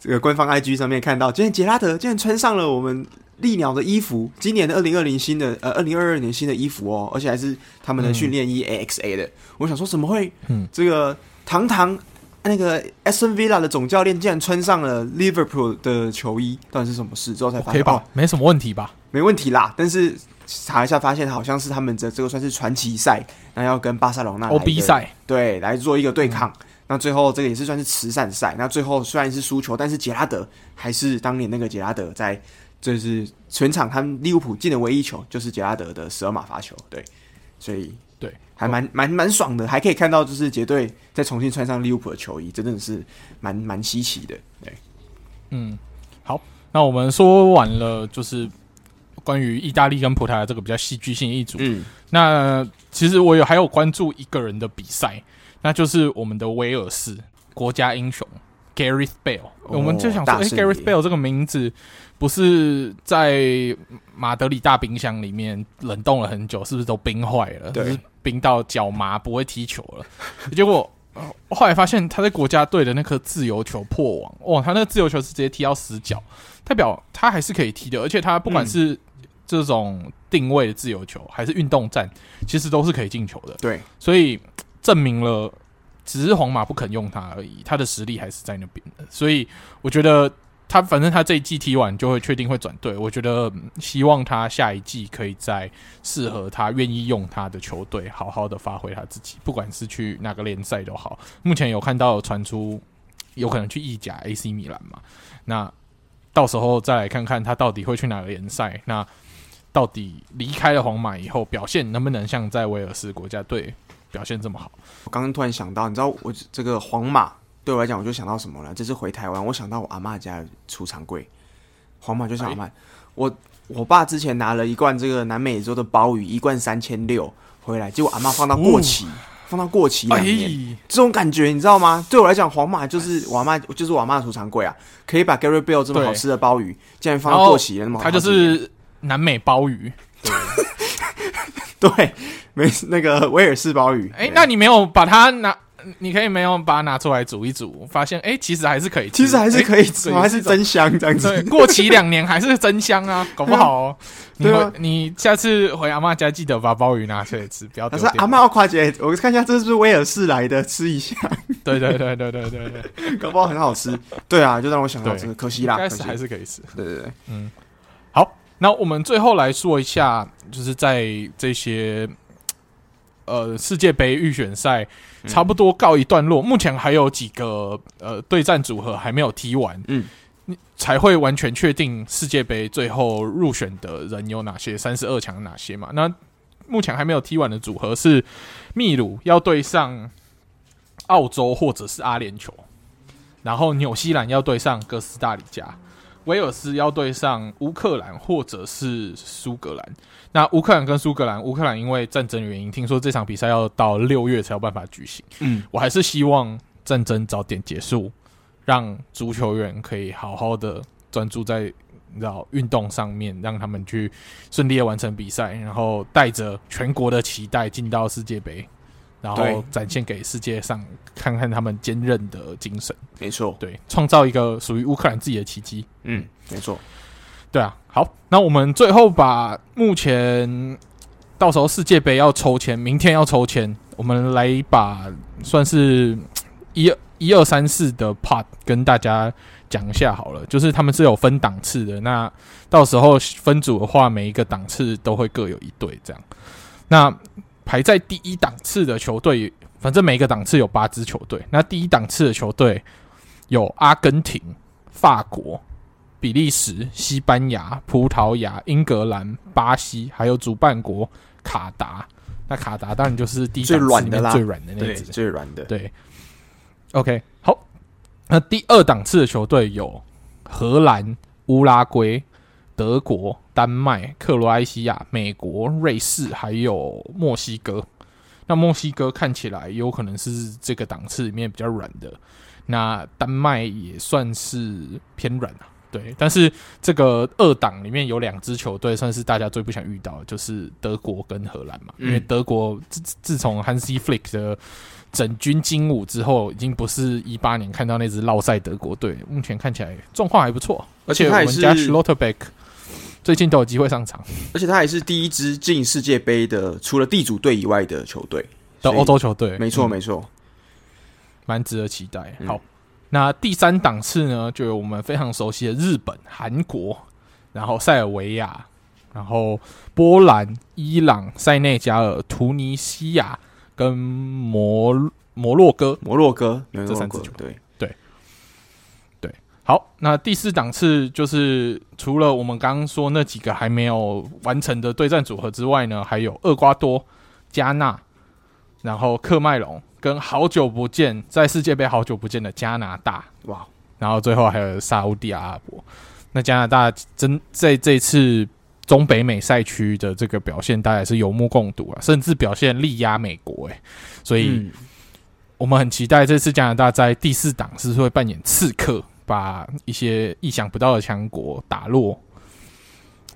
這個官方 IG 上面看到，今天傑拉德竟然穿上了我們。利鳥的衣服，今年的二零二零新的，呃，二零二二年新的衣服哦，而且還是他們的訓練衣 A X A 的，嗯。我想說，怎麼會？嗯，這個堂堂那個 Aston Villa 的總教練竟然穿上了 Liverpool 的球衣，到底是什麼事？之後才發現，okay，吧哦，沒什麼問題吧？沒問題啦。但是查一下發現，好像是他們的這個算是傳奇賽，那要跟巴塞羅那比賽，對，來做一個對抗，嗯。那最後這個也是算是慈善賽。那最後雖然是輸球，但是杰拉德還是當年那個傑拉德在。這是全場他們利物浦進的唯一球，就是杰拉德的十二碼罰球。對，所以對，還蠻蠻蠻爽的，還可以看到就是杰隊再重新穿上利物浦的球衣，真的是蠻蠻稀奇的對。對，嗯，好，那我們說完了就是關於意大利跟葡萄牙這個比較戲劇性一組。嗯，那其實我有還有關注一個人的比賽，那就是我們的威爾士國家英雄 Gareth Bale、哦。我們就想說，Gareth Bale 這個名字。不是在馬德里大冰箱裡面冷凍了很久，是不是都冰壞了？對，冰到腳麻，不會踢球了。結果後來發現他在國家隊的那顆自由球破網，哇！他那個自由球是直接踢到死角，代表他還是可以踢的。而且他不管是這種定位的自由球，還是運動戰，其實都是可以進球的。對，所以證明了只是皇馬不肯用他而已，他的實力還是在那邊的。所以我覺得。他反正他這一季踢完就會確定會轉隊，我覺得希望他下一季可以在適合他、願意用他的球隊好好的發揮他自己，不管是去哪個聯賽都好。目前有看到傳出有可能去意甲 AC 米蘭嘛？那到時候再來看看他到底會去哪個聯賽。那到底離開了皇馬以後，表現能不能像在威爾士國家隊表現這麼好？我剛剛突然想到，你知道我這個皇馬。對我來講，我就想到什麼了？這次回台灣，我想到我阿媽家的儲藏櫃，皇馬就想阿媽、欸，我我爸之前拿了一罐這個南美洲的鮑魚，一罐三千六回來，結果阿媽放到過期，放到過期。哎、欸，這種感覺你知道嗎？對我來講，皇馬就是我阿媽，就是我阿媽的儲藏櫃啊，可以把 Gareth Bale 這麼好吃的鮑魚，竟然放到過期了，那麼它就是南美鮑魚，對，沒 [laughs] 那個威爾士鮑魚。哎、欸，那你沒有把它拿？你可以沒有把它拿出來煮一煮，發現哎，其實還是可以，其實還是可以吃，其實還是，欸，喔，真香這樣子。過期兩年還是真香啊， [laughs] 搞不好哦。你，對，你下次回阿媽家記得把鮑魚拿出來吃，不要。可是阿媽要誇獎，我看一下這是不是威爾士來的，吃一下。 [laughs] 對對對對對對對，搞不好很好吃。對啊，就讓我想到吃，可惜啦，但是還是可以吃。對對對，嗯。好，那我們最後來說一下，就是在這些。呃，世界盃預選賽差不多告一段落，嗯、目前還有幾個呃，對戰組合還沒有踢完，嗯，才會完全確定世界盃最後入選的人有哪些，三十二強哪些嘛？那目前還沒有踢完的組合是秘魯要對上澳洲或者是阿聯酋，然後紐西蘭要對上哥斯大黎加。威爾斯要對上烏克蘭或者是蘇格蘭。那烏克蘭跟蘇格蘭，烏克蘭因為戰爭原因，聽說這場比賽要到六月才有辦法舉行。嗯，我還是希望戰爭早點結束，讓足球員可以好好的專注在你知道運動上面，讓他們去順利的完成比賽，然後帶着全國的期待進到世界杯。然後展現給世界上看看他們堅韌的精神，沒錯，對，創造一個屬於烏克蘭自己的奇蹟，嗯，沒錯，對啊。好，那我們最後把目前到時候世界杯要抽籤，明天要抽籤，我們來把算是一一二三四的 pot 跟大家講一下好了，就是他們是有分檔次的，那到時候分組的話，每一個檔次都會各有一隊這樣，那。排在第一檔次的球隊，反正每一個檔次有八支球隊。那第一檔次的球隊有阿根廷、法國、比利時、西班牙、葡萄牙、英格蘭、巴西，還有主辦國卡達。那卡達當然就是第一檔次裡面最軟的那支，最軟的。對,對，OK，好。那第二檔次的球隊有荷蘭、烏拉圭、德國。丹麥、克羅埃西亞、美國、瑞士，還有墨西哥。那墨西哥看起來有可能是這個檔次裡面比較軟的。那丹麥也算是偏軟啊，對。但是這個二檔裡面有兩支球隊，算是大家最不想遇到的，就是德國跟荷蘭嘛、嗯。因為德國自自從 Hansi Flick 的整軍經武之後，已經不是一八年看到那支烙賽德國隊。目前看起來狀況還不錯，而且我們家 Schlotterbeck 最近都有機會上場，而且他還是第一支進世界杯的， [laughs] 除了地主隊以外的球隊的歐洲球隊。沒錯、嗯，沒錯，蠻值得期待、嗯。好，那第三檔次呢，就有我們非常熟悉的日本、韓國，然後塞爾維亞，然後波蘭、伊朗、塞內加爾、圖尼西亞跟摩摩洛哥、摩洛哥，摩洛哥這三支球隊。好，那第四檔次就是除了我們剛剛說那幾個還沒有完成的對戰組合之外呢，還有厄瓜多、加納，然後喀麥隆跟好久不見在世界杯好久不見的加拿大，哇！然後最後還有沙烏地阿拉伯。那加拿大真在這次中北美賽區的這個表現，大家是有目共睹啊，甚至表現力壓美國哎、欸，所以我們很期待這次加拿大在第四檔次會扮演刺客。把一些意想不到的強國打落，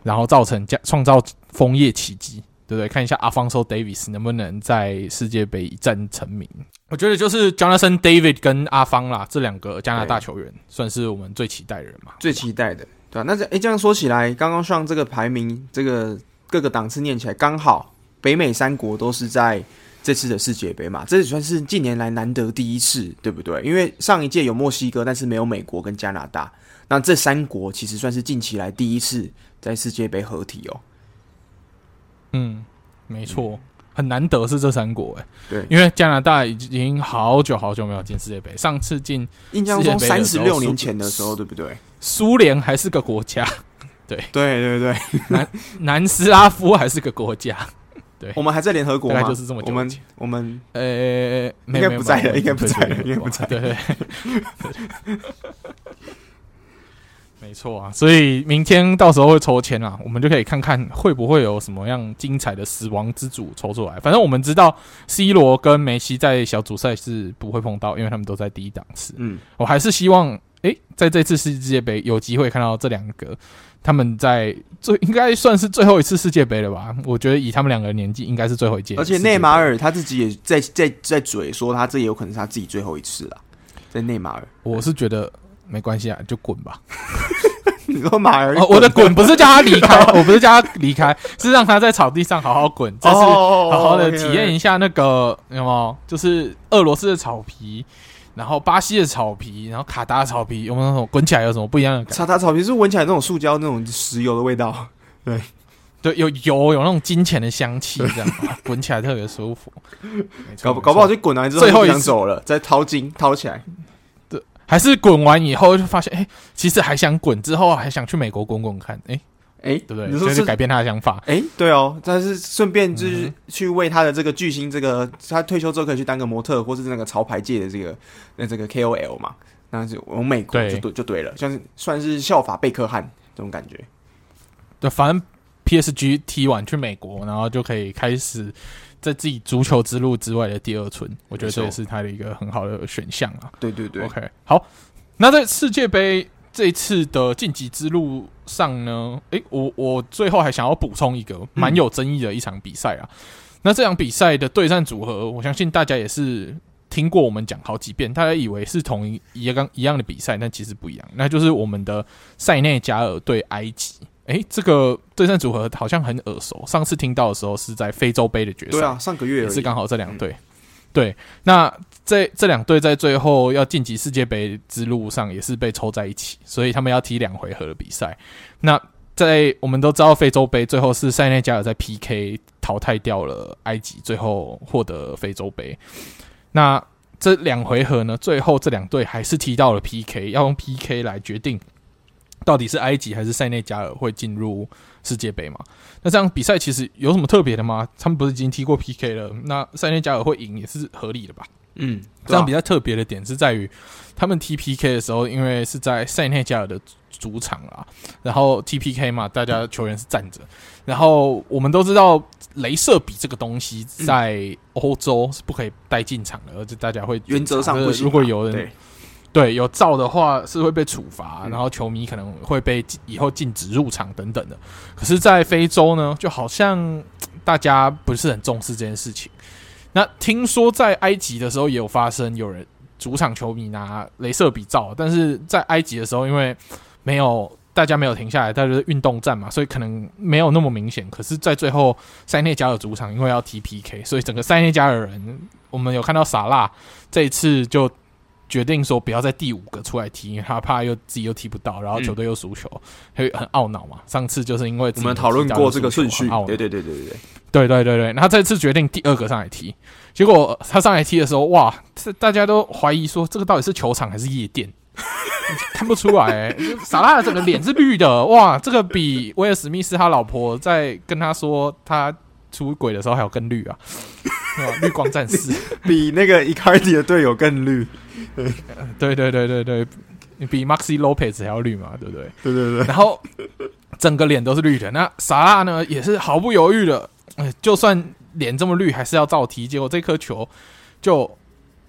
然後造成創創造楓葉奇蹟，對不對？看一下阿方索 Davis 能不能在世界杯一戰成名？我覺得就是 Jonathan David 跟阿方啦，這兩個加拿大球員算是我們最期待的人嘛，最期待的，對、啊、那這誒，這樣說起來，剛剛上這個排名，這個各個檔次念起來，剛好北美三國都是在。這次的世界盃嘛，這也算是近年來難得第一次，對不對？因為上一屆有墨西哥，但是沒有美國跟加拿大。那這三國其實算是近期來第一次在世界盃合體哦。嗯，沒錯，很難得是這三國哎。對，因為加拿大已經好久好久沒有進世界盃，上次進世界盃，印象中三十六年前的時候，對不對？蘇聯還是個國家，對對對對，南南斯拉夫還是個國家。對，我們還在聯合國嗎？就是這麼我們我們呃、欸，應該不，不在了，應該不在了，應該不在了。對，對，對，對對對 [laughs] 對對對 [laughs] 沒錯啊，所以明天到時候會抽籤啊，我們就可以看看會不會有什麼樣精彩的死亡之組抽出來。反正我們知道，C 羅跟梅西在小組賽是不會碰到，因為他們都在第一檔次。嗯，我還是希望。誒、欸，在這次世界杯有機會看到這兩個，他們在最應該算是最後一次世界盃了吧？我覺得以他們兩個的年紀，應該是最後一屆。而且內馬爾他自己也在在在、在嘴說他這也有可能是他自己最後一次了。在內馬爾，我是覺得沒關係啊，就滾吧。 [laughs] 你說馬兒、哦，我的滾不是叫他離開， [laughs] 我不是叫他離開，是讓他在草地上好好滾，但是好好的體驗一下那個，oh, okay. 有沒有嗎？就是俄羅斯的草皮。然後巴西的草皮，然後卡達的草皮，有沒有那種滾起來有什麼不一樣的感覺？卡達草皮是聞起來那種塑膠那種石油的味道，對對，有油，有那種金錢的香氣，這樣滾起來特別舒服。搞 [laughs] 不搞不好就滾完之後最後想走了，再掏金掏起來，這還是滾完以後就發現，哎、欸，其實還想滾，之後還想去美國滾滾看，哎、欸。哎、欸，對不對，對？是所以就是改變他的想法。哎、欸，對哦，但是順便就是、嗯、去為他的這個巨星，這個他退休之後可以去當個模特，或是那個潮牌界的這個那這個 KOL 嘛。那是我美國就對對就對了，算是算是效法貝克漢這種感覺。對，反正 PSG 踢完去美國，然後就可以開始在自己足球之路之外的第二春。我覺得這也是他的一個很好的選項啊。對對對，OK，好。那在世界盃這一次的晉級之路。上呢？誒、欸，我我最後還想要補充一個蠻有爭議的一場比賽啊、嗯。那這場比賽的對戰組合，我相信大家也是聽過我們講好幾遍，大家以為是同一一一樣的比賽，但其實不一樣。那就是我們的塞內加爾對埃及。誒、欸，這個對戰組合好像很耳熟，上次聽到的時候是在非洲杯的決賽。對啊，上個月也是剛好這兩隊。嗯對，那這這兩隊在最後要晉級世界盃之路上也是被抽在一起，所以他們要踢兩回合的比賽。那在我們都知道，非洲盃最後是塞內加爾在 PK 淘汰掉了埃及，最後獲得非洲盃。那這兩回合呢？最後這兩隊還是踢到了 PK，要用 PK 來決定到底是埃及還是塞內加爾會進入。世界盃嘛，那這樣比賽其實有什麼特別的嗎？他們不是已經踢過 PK 了？那塞內加爾會贏也是合理的吧？嗯，啊、這樣比較特別的點是在於他們踢 PK 的時候，因為是在塞內加爾的主場啊，然後踢 PK 嘛，大家球員是站着、嗯，然後我們都知道鐳射筆這個東西在歐洲是不可以帶進場的，而且大家會原則上會、啊、如果有人。對，有照的話是會被處罰，然後球迷可能會被以後禁止入場等等的。可是，在非洲呢，就好像大家不是很重視這件事情。那聽說在埃及的時候也有發生，有人主場球迷拿鐳射筆照，但是在埃及的時候，因為沒有大家沒有停下來，大家是運動戰嘛，所以可能沒有那麼明顯。可是，在最後塞內加爾主場，因為要踢 PK，所以整個塞內加爾人，我們有看到薩拉這一次就決定說不要再第五個出來踢，因為他怕又自己又踢不到，然後球隊又輸球，會、嗯、很懊惱嘛。上次就是因為我們討論過這個順序，對對對對對對對，對對對對。他這次決定第二個上來踢，結果他上來踢的時候，哇，大家都懷疑說這個到底是球場還是夜店， [laughs] 看不出來、欸。薩拉的整個臉是綠的，哇，這個比威爾史密斯他老婆在跟他說他。出軌的時候還有更綠啊！ [laughs] 啊，綠光戰士 [laughs] 比那個 Icardi 的隊友更綠，對對對對對，比 Maxi Lopez 還要綠嘛，對不對？對對對。然後 [laughs] 整個臉都是綠的。那莎拉呢，也是毫不猶豫的，哎、呃，就算臉這麼綠，還是要照題。結果這顆球就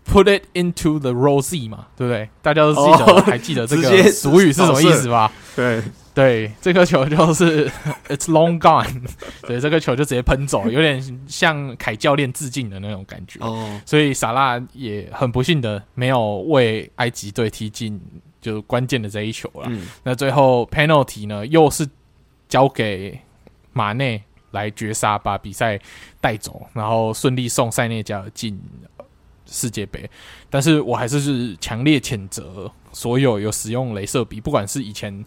Put it into the rosy 嘛，對不對？大家都記得了、哦，還記得這個俗語是什麼意思吧？對。對，這顆、個、球就是 it's long gone， [laughs] 對，這個球就直接噴走，有點向凱教練致敬的那種感覺。哦、oh.，所以薩拉也很不幸的沒有為埃及隊踢進，就是關鍵的這一球了、嗯。那最後 penalty 呢，又是交給馬內來絕殺，把比賽帶走，然後順利送塞內加爾進世界杯。但是我還是是強烈譴責所有有使用鐳射筆，不管是以前。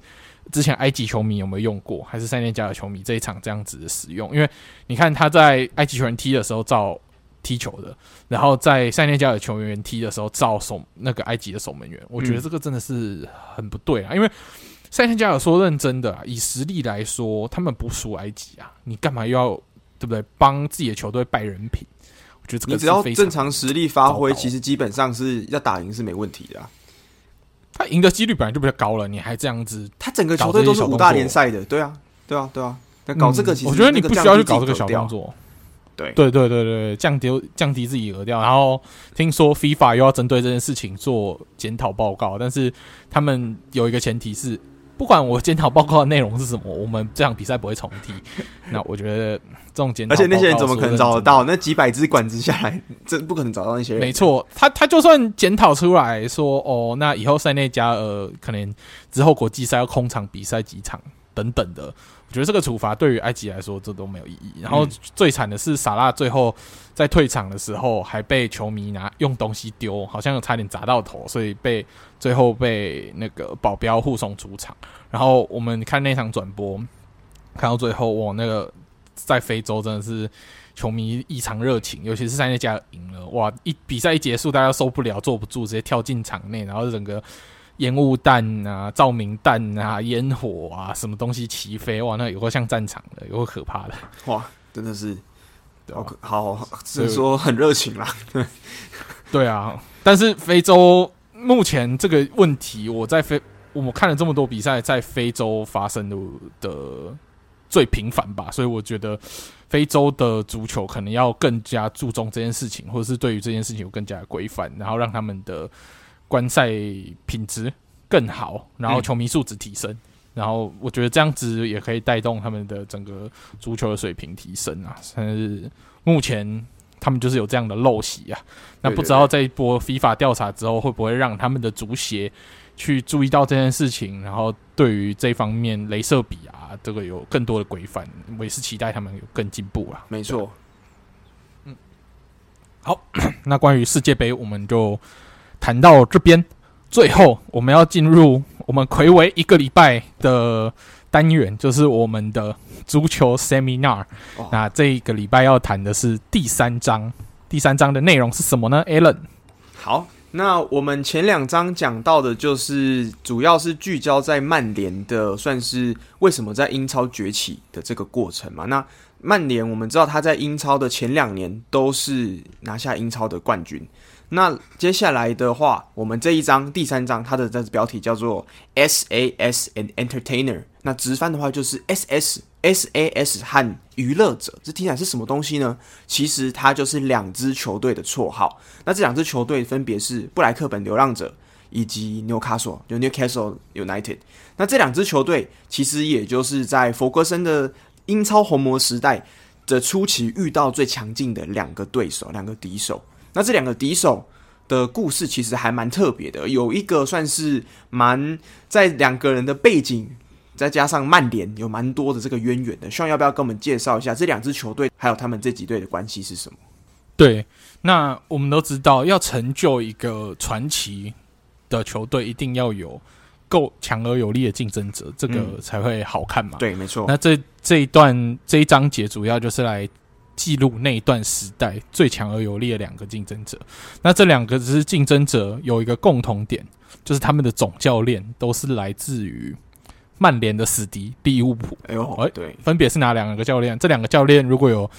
之前埃及球迷有沒有用過？還是塞內加爾球迷這一場這樣子的使用？因為你看他在埃及球員踢的時候照踢球的，然後在塞內加爾球員踢的時候照守那個埃及的守門員。我覺得這個真的是很不對啊！嗯、因為塞內加爾說認真的、啊，以實力來說，他們不輸埃及啊！你幹嘛又要對不對？幫自己的球隊敗人品？我覺得這個只要非常正常實力發揮，其實基本上是要打贏是沒問題的啊。他贏的幾率本來就比較高了，你還這樣子，他整個球隊都是五大聯賽的，對啊，對啊，對啊，那搞這個其實我覺得你不需要去搞這個小動作，對對對對對，降低降低自己額掉，然後聽說 FIFA 又要針對這件事情做檢討報告，但是他們有一個前提是。不管我檢討報告的內容是什麼，我們這場比賽不會重踢。 [laughs] 那我覺得這種檢討，而且那些人怎麼可能找得到？那幾百支管子下來，這不可能找到那些人。沒錯，他他就算檢討出來說，哦，那以後塞內加爾可能之後國際賽要空場比賽幾場。等等的，我覺得這個處罰對於埃及來說這都沒有意義。然後最慘的是，嗯、薩拉最後在退場的時候還被球迷拿用東西丟，好像有差點砸到頭，所以被最後被那個保鏢護送出場。然後我們看那場轉播，看到最後哇，那個在非洲真的是球迷異常熱情，尤其是在那家贏了哇！一比賽一結束，大家都受不了，坐不住，直接跳進場內，然後整個。煙霧彈啊，照明彈啊，煙火啊，什麼東西齊飛哇！那有夠像戰場的，有夠可怕的哇！真的是好、啊，好，好，所以說很熱情啦，對 [laughs] 對啊。但是非洲目前這個問題，我在非，我們看了這麼多比賽，在非洲發生的的最頻繁吧，所以我覺得非洲的足球可能要更加注重這件事情，或者是對於這件事情有更加的規範，然後讓他們的。觀賽品質更好，然後球迷素質提升、嗯，然後我覺得這樣子也可以帶動他們的整個足球的水平提升啊。但是目前他們就是有這樣的陋習啊，對對對對。那不知道這一波 FIFA 調查之後，會不會讓他們的足協去注意到這件事情，然後對於這方面鐳射筆啊，這個有更多的規範，我也是期待他們有更進步啊。沒錯，嗯，好， [coughs] 那關於世界杯，我們就。談到這邊，最後我們要進入我們睽違一個禮拜的單元，就是我們的足球 seminar。Oh. 那這一個禮拜要談的是第三章，第三章的內容是什麼呢？Alan，好，那我們前兩章講到的就是主要是聚焦在曼聯的，算是為什麼在英超崛起的這個過程嘛。那曼聯我們知道他在英超的前兩年都是拿下英超的冠軍。那接下來的話，我們這一章第三章，它的這標題叫做 S A S and Entertainer。那直翻的話就是 S S S A S 和娛樂者。這聽起來是什麼東西呢？其實它就是兩支球隊的綽號。那這兩支球隊分別是布萊克本流浪者以及紐卡索（就 Newcastle United）。那這兩支球隊其實也就是在弗格森的英超紅魔時代的初期遇到最強勁的兩個對手，兩個敵手。那這兩個敵手的故事其實還蠻特別的，有一個算是蠻在兩個人的背景，再加上曼聯有蠻多的這個淵源的，希望要不要跟我們介紹一下這兩支球隊還有他們這幾隊的關係是什麼？對，那我們都知道，要成就一個傳奇的球隊，一定要有夠強而有力的競爭者，這個才會好看嘛。嗯，對，沒錯。那這這一段這一章節主要就是來。記錄那一段時代最強而有力的兩個競爭者，那這兩個只是競爭者有一個共同點，就是他們的總教練都是來自於曼聯的死敵利物浦。哎呦，哎，對，分別是哪兩個教練？這兩個教練如果有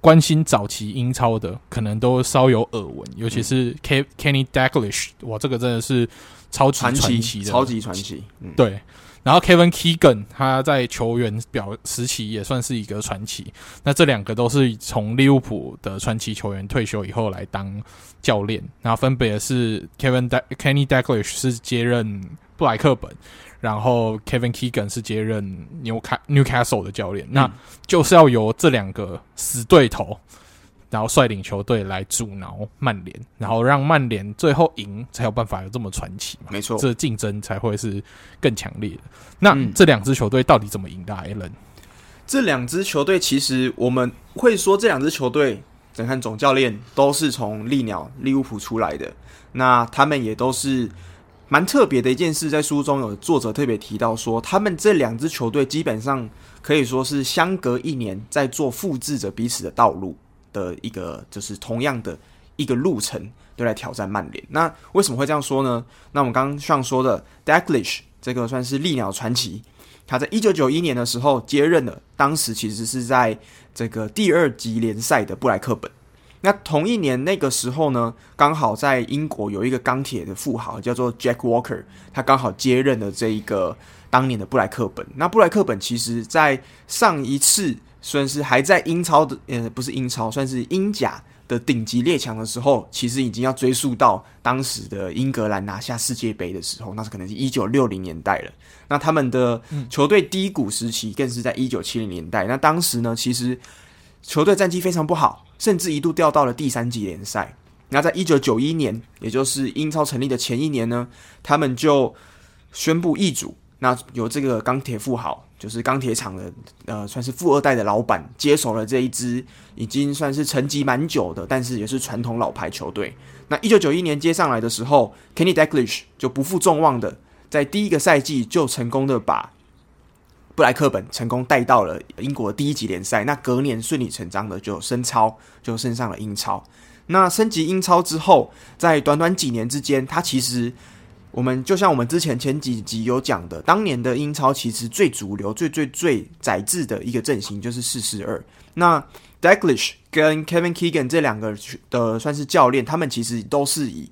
關心早期英超的，可能都稍有耳聞，尤其是 K、嗯、Kenny Dalglish，哇，這個真的是超級傳奇的，傳奇，超級傳奇、嗯，對。然後 Kevin Keegan 他在球員表時期也算是一個傳奇。那這兩個都是從利物浦的傳奇球員退休以後來當教練，然後分別是 Kevin De Kenny Dalglish 是接任布萊克本，然後 Kevin Keegan 是接任紐卡紐卡索的教練。那就是要由這兩個死對頭。然後率領球隊來阻撓曼聯，然後讓曼聯最後贏才有辦法有這麼傳奇嘛。沒錯，這競爭才會是更強烈的。那、嗯、這兩支球隊到底怎麼贏的？艾倫這兩支球隊其實我們會說，這兩支球隊，再看總教練都是從利鳥利物浦出來的。那他們也都是蠻特別的一件事，在書中有作者特別提到說，他們這兩支球隊基本上可以說是相隔一年在做複製着彼此的道路。的一個就是同樣的一個路程，都來挑戰曼聯。那為什麼會這樣說呢？那我們剛剛上說的 Dalglish 這個算是利鳥傳奇，他在一九九一年的時候接任了當時其實是在這個第二級聯賽的布萊克本。那同一年那個時候呢，剛好在英國有一個鋼鐵的富豪叫做 Jack Walker，他剛好接任了這一個當年的布萊克本。那布萊克本其實，在上一次。算是還在英超的，呃，不是英超，算是英甲的頂級列強的時候，其實已經要追溯到當時的英格蘭拿下世界杯的時候，那是可能是一九六零年代了。那他們的球隊低谷時期更是在一九七零年代。那當時呢，其實球隊戰績非常不好，甚至一度掉到了第三級聯賽。那在一九九一年，也就是英超成立的前一年呢，他們就宣布易主，那由這個鋼鐵富豪。就是鋼鐵廠的，呃，算是富二代的老闆接手了這一支，已經算是沉寂蠻久的，但是也是傳統老牌球隊。那一九九一年接上來的時候，Kenny Dalglish 就不負眾望的，在第一個賽季就成功的把布萊克本成功帶到了英國的第一級聯賽。那隔年順理成章的就升超，就升上了英超。那升級英超之後，在短短幾年之間，他其實。我們就像我們之前前幾集有講的，當年的英超其實最主流、最最最宰制的一個陣型就是四四二。那 Dalglish 跟 Kevin Keegan 這兩個的算是教練，他們其實都是以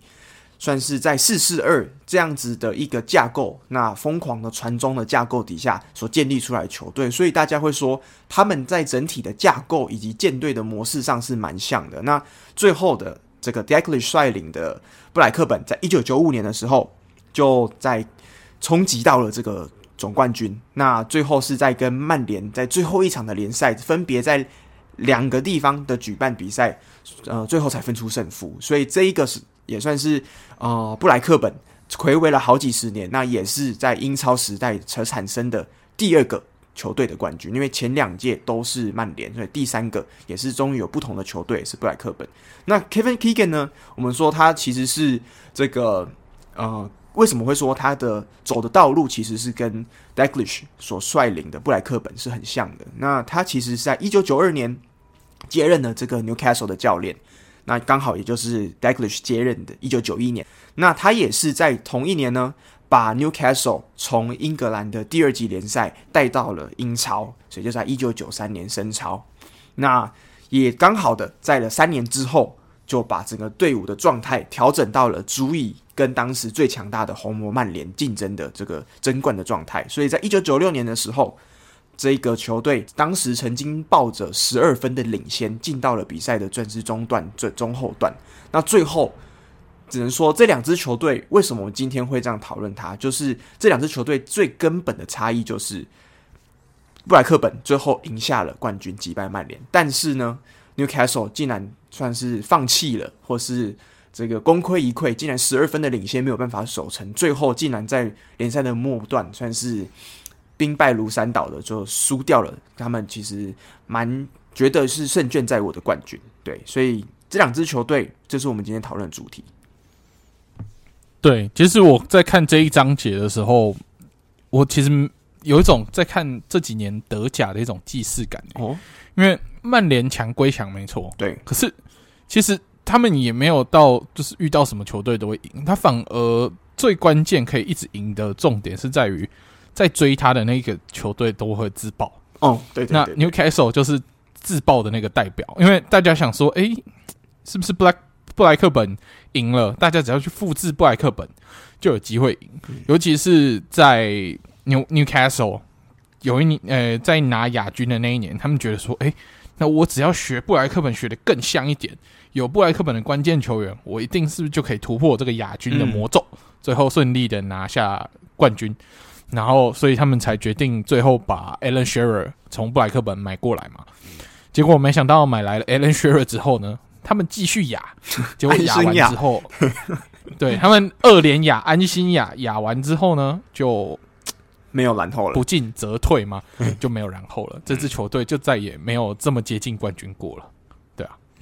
算是在四四二這樣子的一個架構，那瘋狂的傳中的架構底下所建立出來球隊，所以大家會說他們在整體的架構以及建隊的模式上是蠻像的。那最後的這個 Dalglish 率領的布萊克本，在一九九五年的時候。就在衝擊到了這個總冠軍，那最後是在跟曼聯在最後一場的聯賽，分別在兩個地方的舉辦比賽，呃，最後才分出勝負。所以這一個是也算是呃，布萊克本睽違了好幾十年。那也是在英超時代所產生的第二個球隊的冠軍，因為前兩屆都是曼聯，所以第三個也是終於有不同的球隊是布萊克本。那 Kevin Keegan 呢？我們說他其實是這個呃。為什麼會說他的走的道路其實是跟 Dalglish 所率領的布萊克本是很像的？那他其實是在一九九二年接任了這個 Newcastle 的教練，那剛好也就是 Dalglish 接任的一九九一年。那他也是在同一年呢，把 Newcastle 從英格蘭的第二級聯賽帶到了英超，所以就在一九九三年升超。那也剛好的，在了三年之後，就把整個隊伍的狀態調整到了足以。跟當時最強大的紅魔曼聯競爭的這個爭冠的狀態，所以在一九九六年的時候，這個球隊當時曾經抱着十二分的領先，進到了比賽的鑽石中段，最中後段。那最後只能說，這兩支球隊為什麼今天會這樣討論它？就是這兩支球隊最根本的差異就是，布萊克本最後贏下了冠軍，擊敗曼聯。但是呢，Newcastle 竟然算是放棄了，或是。這個功虧一簣，竟然十二分的領先沒有辦法守成，最後竟然在聯賽的末段算是兵敗如山倒了，就輸掉了。他們其實蠻覺得是勝券在握的冠軍，對，所以這兩支球隊就是我們今天討論的主題。對，其實我在看這一章節的時候，我其實有一種在看這幾年德甲的一種既視感哦，因為曼聯強歸強沒錯，對，可是其實。他們也沒有到，就是遇到什麼球隊都會贏。他反而最關鍵可以一直贏的重點是在於，在追他的那個球隊都會自爆。哦，對對，那 Newcastle 就是自爆的那個代表，因為大家想說，誒，是不是布萊布萊克本贏了？大家只要去複制布萊克本，就有機會贏。尤其是在 New Newcastle 有一年，呃，在拿亞軍的那一年，他們覺得說，誒，那我只要學布萊克本，學的更像一點。有布萊克本的關鍵球員，我一定是不是就可以突破這個亞軍的魔咒，嗯、最後順利的拿下冠軍？然後，所以他們才決定最後把 Alan Shearer 從布萊克本買過來嘛？結果沒想到買來了 Alan Shearer 之後呢，他們繼續亞，結果亞完之後， [laughs] 對他們二連亞安心亞亞完之後呢，就沒有然後了，不進則退嘛，就沒有然後了，嗯、這支球隊就再也沒有這麼接近冠軍過了。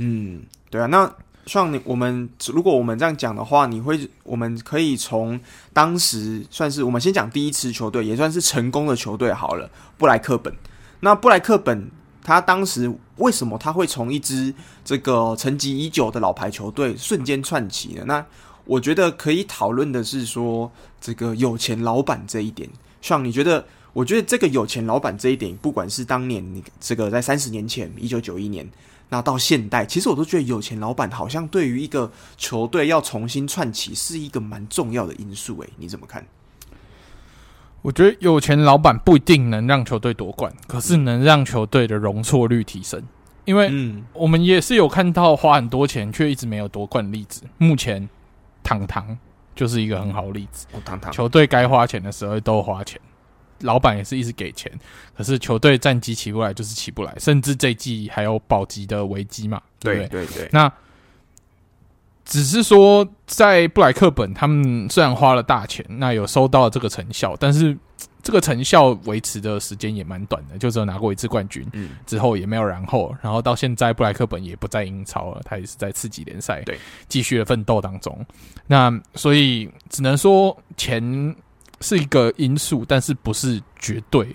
嗯，對啊，那像你我們如果我們這樣講的話，你會我們可以從當時算是我們先講第一支球隊也算是成功的球隊好了，布萊克本。那布萊克本他當時為什麼他會從一支這個成績已久的老牌球隊瞬間竄起呢？那我覺得可以討論的是說這個有錢老闆這一點。像你覺得，我覺得這個有錢老闆這一點，不管是當年你這個在三十年前一九九一年。那到現代，其實我都覺得有錢老板好像對於一個球隊要重新竄起是一個蠻重要的因素、欸。誒，你怎麼看？我覺得有錢老板不一定能讓球隊奪冠，可是能讓球隊的容錯率提升。因為，嗯，我們也是有看到花很多錢卻一直沒有奪冠的例子。目前，堂堂就是一個很好例子。堂堂球隊該花錢的時候都花錢。老板也是一直給錢，可是球隊戰績起不來就是起不來，甚至這季還有保級的危機嘛對，對不對？對對對。那只是說，在布萊克本，他們雖然花了大錢，那有收到了這個成效，但是這個成效維持的時間也蠻短的，就只有拿過一次冠軍，之後也沒有然後。然後到現在，布萊克本也不在英超了，他也是在次級聯賽對繼續的奮鬥當中。那所以只能說錢。是一個因素，但是不是絕對，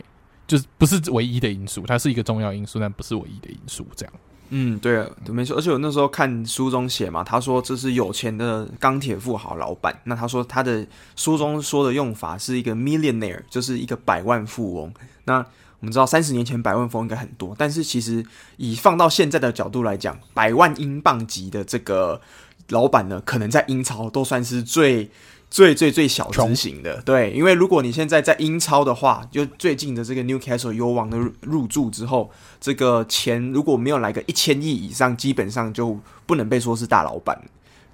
就是不是唯一的因素。它是一個重要因素，但不是唯一的因素。這樣，嗯，對啊，對，沒錯。而且我那時候看書中寫嘛，他說這是有錢的鋼鐵富豪老闆。那他說他的書中說的用法是一個 millionaire，就是一個百萬富翁。那我們知道三十年前百萬富翁應該很多，但是其實以放到現在的角度來講，百萬英鎊級的這個老闆呢，可能在英超都算是最。最最最小型型的，對，因為如果你現在在英超的話，就最近的這個 Newcastle 油王的入主之後，這個錢如果沒有來個一千億以上，基本上就不能被說是大老闆，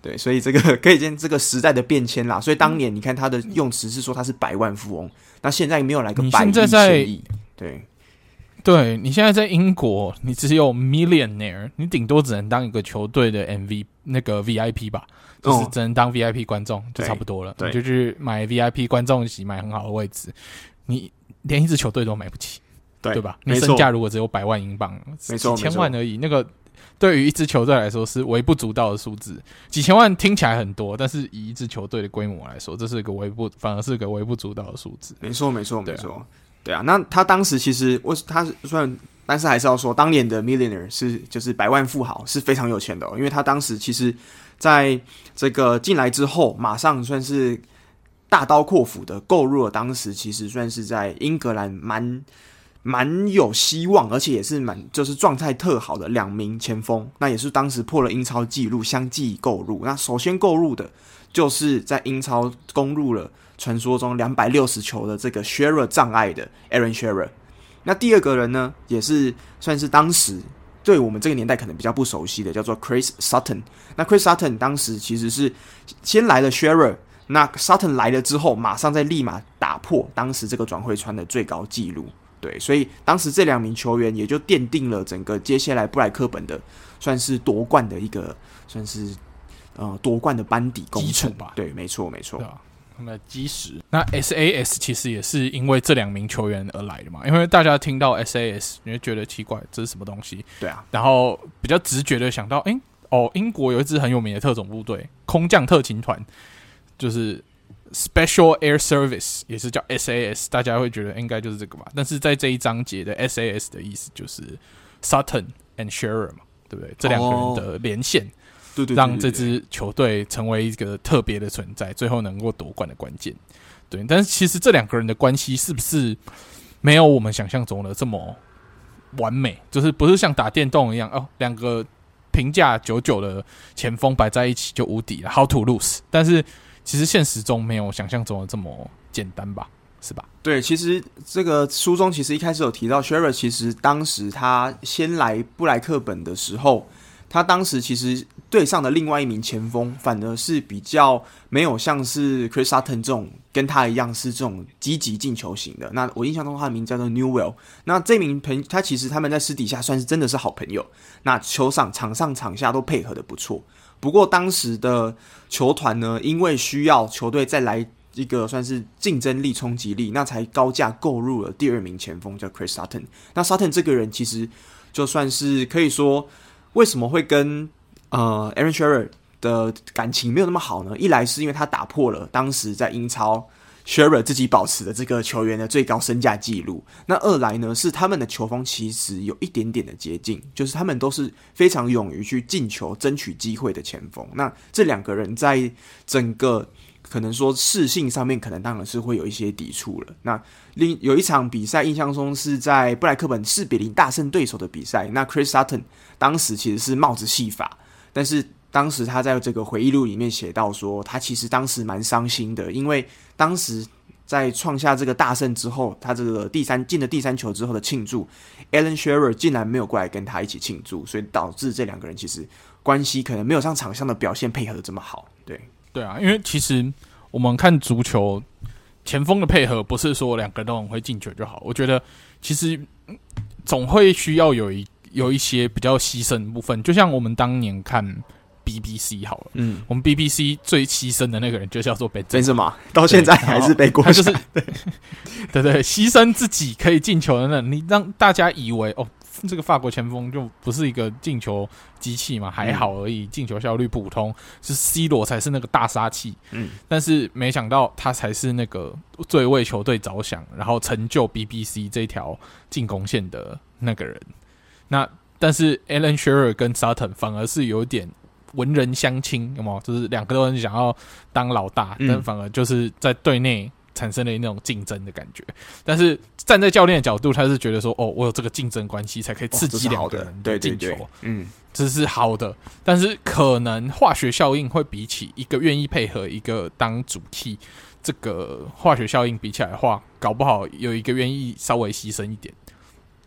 對，所以這個可以見這個時代的變遷啦。所以當年你看他的用詞是說他是百萬富翁，那現在沒有來個百億千億，對。對，你現在在英國，你只有 millionaire，你頂多只能當一個球隊的 MV 那個 VIP 吧？哦，就是只能當 VIP 觀眾就差不多了，對。你就去買 VIP 觀眾席，買很好的位置，你連一支球隊都買不起，對對吧？你身價如果只有百萬英鎊，沒錯，幾千萬而已，那個對於一支球隊來說是微不足道的數字。幾千萬聽起來很多，但是以一支球隊的規模來說，這是一個微不，反而是一個微不足道的數字。沒錯，沒錯、對啊，沒錯。對啊，那他當時其實我他是算，但是還是要說，當年的 millionaire 是就是百萬富豪是非常有錢的哦，因為他當時其實在這個進來之後，馬上算是大刀闊斧的購入了當時其實算是在英格蘭蠻蠻有希望，而且也是蠻就是狀態特好的兩名前鋒，那也是當時破了英超紀錄，相繼購入。那首先購入的就是在英超攻入了。傳說中兩百六十球的這個 s h r r 弱障礙的 Aaron s h e r e r 那第二個人呢，也是算是當時對我們這個年代可能比較不熟悉的，叫做 Chris Sutton。那 Chris Sutton 當時其實是先來了 s h e r e r 那 Sutton 來了之後，馬上再立馬打破當時這個轉會窗的最高紀錄。對，所以當時這兩名球員也就奠定了整個接下來布萊克本的算是奪冠的一個，算是呃奪冠的班底功程吧。對，沒錯，沒錯。啊麼基石，那 SAS 其實也是因為這兩名球員而來的嘛？因為大家聽到 SAS，你會覺得奇怪，這是什麼東西？對啊，然後比較直覺的想到，誒、欸、哦，英國有一支很有名的特種部隊，空降特勤團，就是 Special Air Service，也是叫 SAS，大家會覺得應該就是這個吧？但是在這一章節的 SAS 的意思就是 Sutton and Shearer 嘛，對不對？這兩個人的連線。Oh .讓這支球隊成為一個特別的存在，最後能夠奪冠的關鍵。對，但是其實這兩個人的關係是不是沒有我們想象中的這麼完美？就是不是像打電動一樣哦，兩個評價九九的前鋒擺在一起就無敵了，how to lose？但是其實現實中沒有想象中的這麼簡單吧？是吧？對，其實這個書中其實一開始有提到，Shearer 其實當時他先來布萊克本的時候。他當時其實隊上的另外一名前鋒，反而是比較沒有像是 Chris Sutton 這種跟他一樣是這種積極進球型的。那我印象中他的名叫做 Newell，那這名朋他其實他們在私底下算是真的是好朋友，那球場、場上場下都配合得不錯。不過當時的球團呢，因為需要球隊再來一個算是競爭力衝擊力，那才高價購入了第二名前鋒叫 Chris Sutton。那 Sutton 這個人其實就算是可以說。為什麼會跟呃 Alan Shearer 的感情沒有那麼好呢？一來是因為他打破了當時在英超 Shearer 自己保持的這個球員的最高身價記錄，那二來呢是他們的球風其實有一點點的接近，就是他們都是非常勇於去進球、爭取機會的前鋒。那這兩個人在整個可能說視性上面，可能當然是會有一些抵觸了。那另有一場比賽印象中是在布萊克本四比零大勝對手的比賽，那 Chris Sutton。當時其實是帽子戲法，但是當時他在這個回憶錄裡面寫到說，他其實當時蠻傷心的，因為當時在創下這個大勝之後，他這個第三進了第三球之後的慶祝，Alan Shearer 竟然沒有過來跟他一起慶祝，所以導致這兩個人其實關係可能沒有像場上的表現配合得這麼好。對，對啊，因為其實我們看足球前鋒的配合，不是說兩個都很會進球就好，我覺得其實總會需要有一。有一些比較犧牲的部分，就像我們當年看 BBC 好了，嗯，我們 BBC 最犧牲的那個人就叫做 Benzema，真是麼？到現在還是被，國，就是對， [laughs] 對對對，犧牲自己可以進球的人，那個，你讓大家以為哦，這個法國前鋒就不是一個進球機器嘛，還好而已，進、嗯、球效率普通，是 C 羅才是那個大殺器，嗯，但是沒想到他才是那個最為球隊着想，然後成就 BBC 這條進攻線的那個人。那但是 Alan Shearer 跟 Sutton 反而是有點文人相輕，有冇？就是兩個都很想要當老大、嗯，但反而就是在隊內產生了那種競爭的感覺。但是站在教練的角度，他是覺得說：“哦，我有這個競爭關係，才可以刺激了人、哦、的對對球。嗯，這是好的。但是可能化學效應會比起一個願意配合、一個當主替，這個化學效應比起來的話，搞不好有一個願意稍微犧牲一點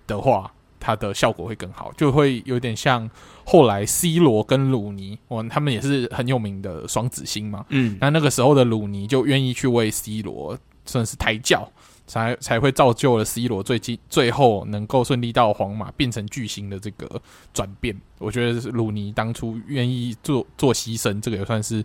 的話。他的效果會更好，就會有點像後來 C 羅跟魯尼，哇，他們也是很有名的雙子星嘛。嗯，那那個時候的魯尼就願意去為 C 羅算是抬轎，才才會造就了 C 羅最近最後能夠順利到皇馬變成巨星的這個轉變。我覺得魯尼當初願意做做犧牲，這個也算是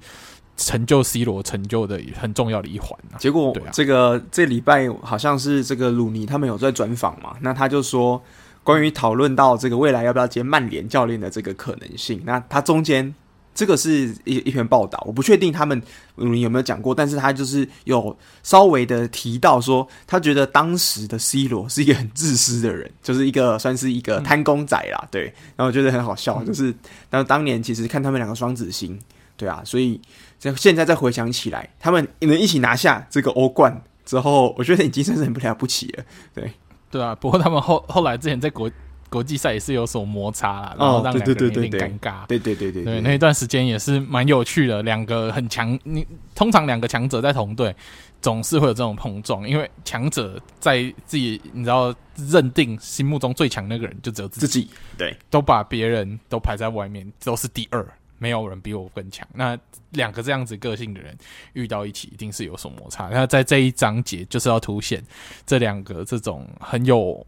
成就 C 羅成就的很重要的一環啊。結果這個對啊，這禮拜好像是這個魯尼他們有在專訪嘛，那他就說。關於討論到這個未來要不要接曼聯教練的這個可能性，那他中間這個是一一篇報道，我不確定他們、嗯、有沒有講過，但是他就是有稍微的提到說，他覺得當時的 C 羅是一個很自私的人，就是一個算是一個貪功仔啦、嗯，對，然後我覺得很好笑，嗯、就是然後當年其實看他們兩個雙子星，對啊，所以現現在再回想起來，他們能一起拿下這個歐冠之後，我覺得已經是很了不,不起了，對。對啊，不過他們後後來之前在國國際賽也是有所摩擦啦，Oh, 然後讓兩個人有點尷尬。對對對對,對,對,對,對,對,對,對，對，那一段時間也是蠻有趣的，兩個很強，你通常兩個強者在同隊，總是會有這種碰撞，因為強者在自己你知道認定心目中最強那個人就只有自己,自己，對，都把別人都排在外面，都是第二。沒有人比我更強。那兩個這樣子個性的人遇到一起，一定是有所摩擦。那在這一章節就是要凸顯這兩個這種很有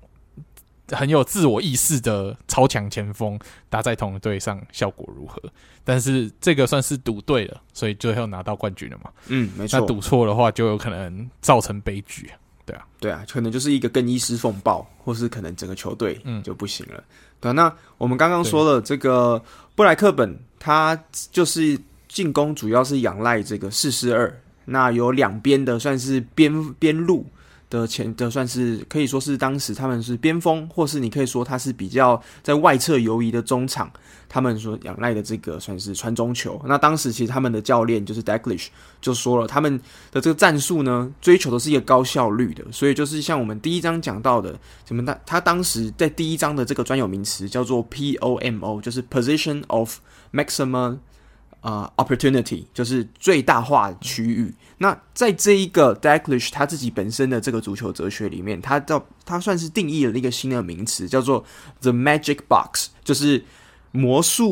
很有自我意識的超強前鋒打在同一隊上效果如何？但是這個算是賭對了，所以最後拿到冠軍了嘛？嗯，沒錯。那賭錯的話就有可能造成悲劇。對啊，對啊，可能就是一個更衣室風暴，或是可能整個球隊嗯就不行了。嗯，對啊，那我們剛剛說了這個。布萊克本，他就是進攻，主要是仰賴這個四四二。那有兩邊的，算是邊邊路的前的，算是可以說是當時他們是邊鋒，或是你可以說他是比較在外側游移的中場。他們所仰賴的這個算是傳中球。那當時其實他們的教練就是 Dalglish 就說了，他們的這個戰術呢，追求的是一個高效率的。所以就是像我們第一章講到的，什麼他，他當時在第一章的這個專有名詞叫做 POMO，就是 Position of Maximum 啊、uh, Opportunity，就是最大化區域。那在這一個 Dalglish 他自己本身的這個足球哲學裡面，他叫，他算是定義了一個新的名詞，叫做 The Magic Box，就是。魔術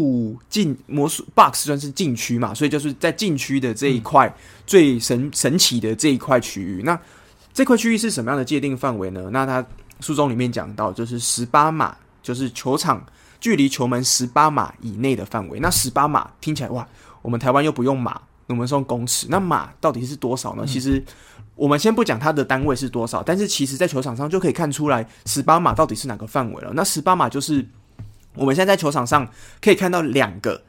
禁魔術 box 算是禁區嘛，所以就是在禁區的這一塊、嗯、最神神奇的這一塊區域。那這塊區域是什麼樣的界定範圍呢？那它書中裡面講到，就是十八碼，就是球場距離球門十八碼以內的範圍。那十八碼聽起來哇，我們台灣又不用碼，我們說公尺。那碼到底是多少呢？嗯、其實我們先不講它的單位是多少，但是其實在球場上就可以看出來十八碼到底是哪個範圍了。那十八碼就是。我們現在在球場上可以看到兩個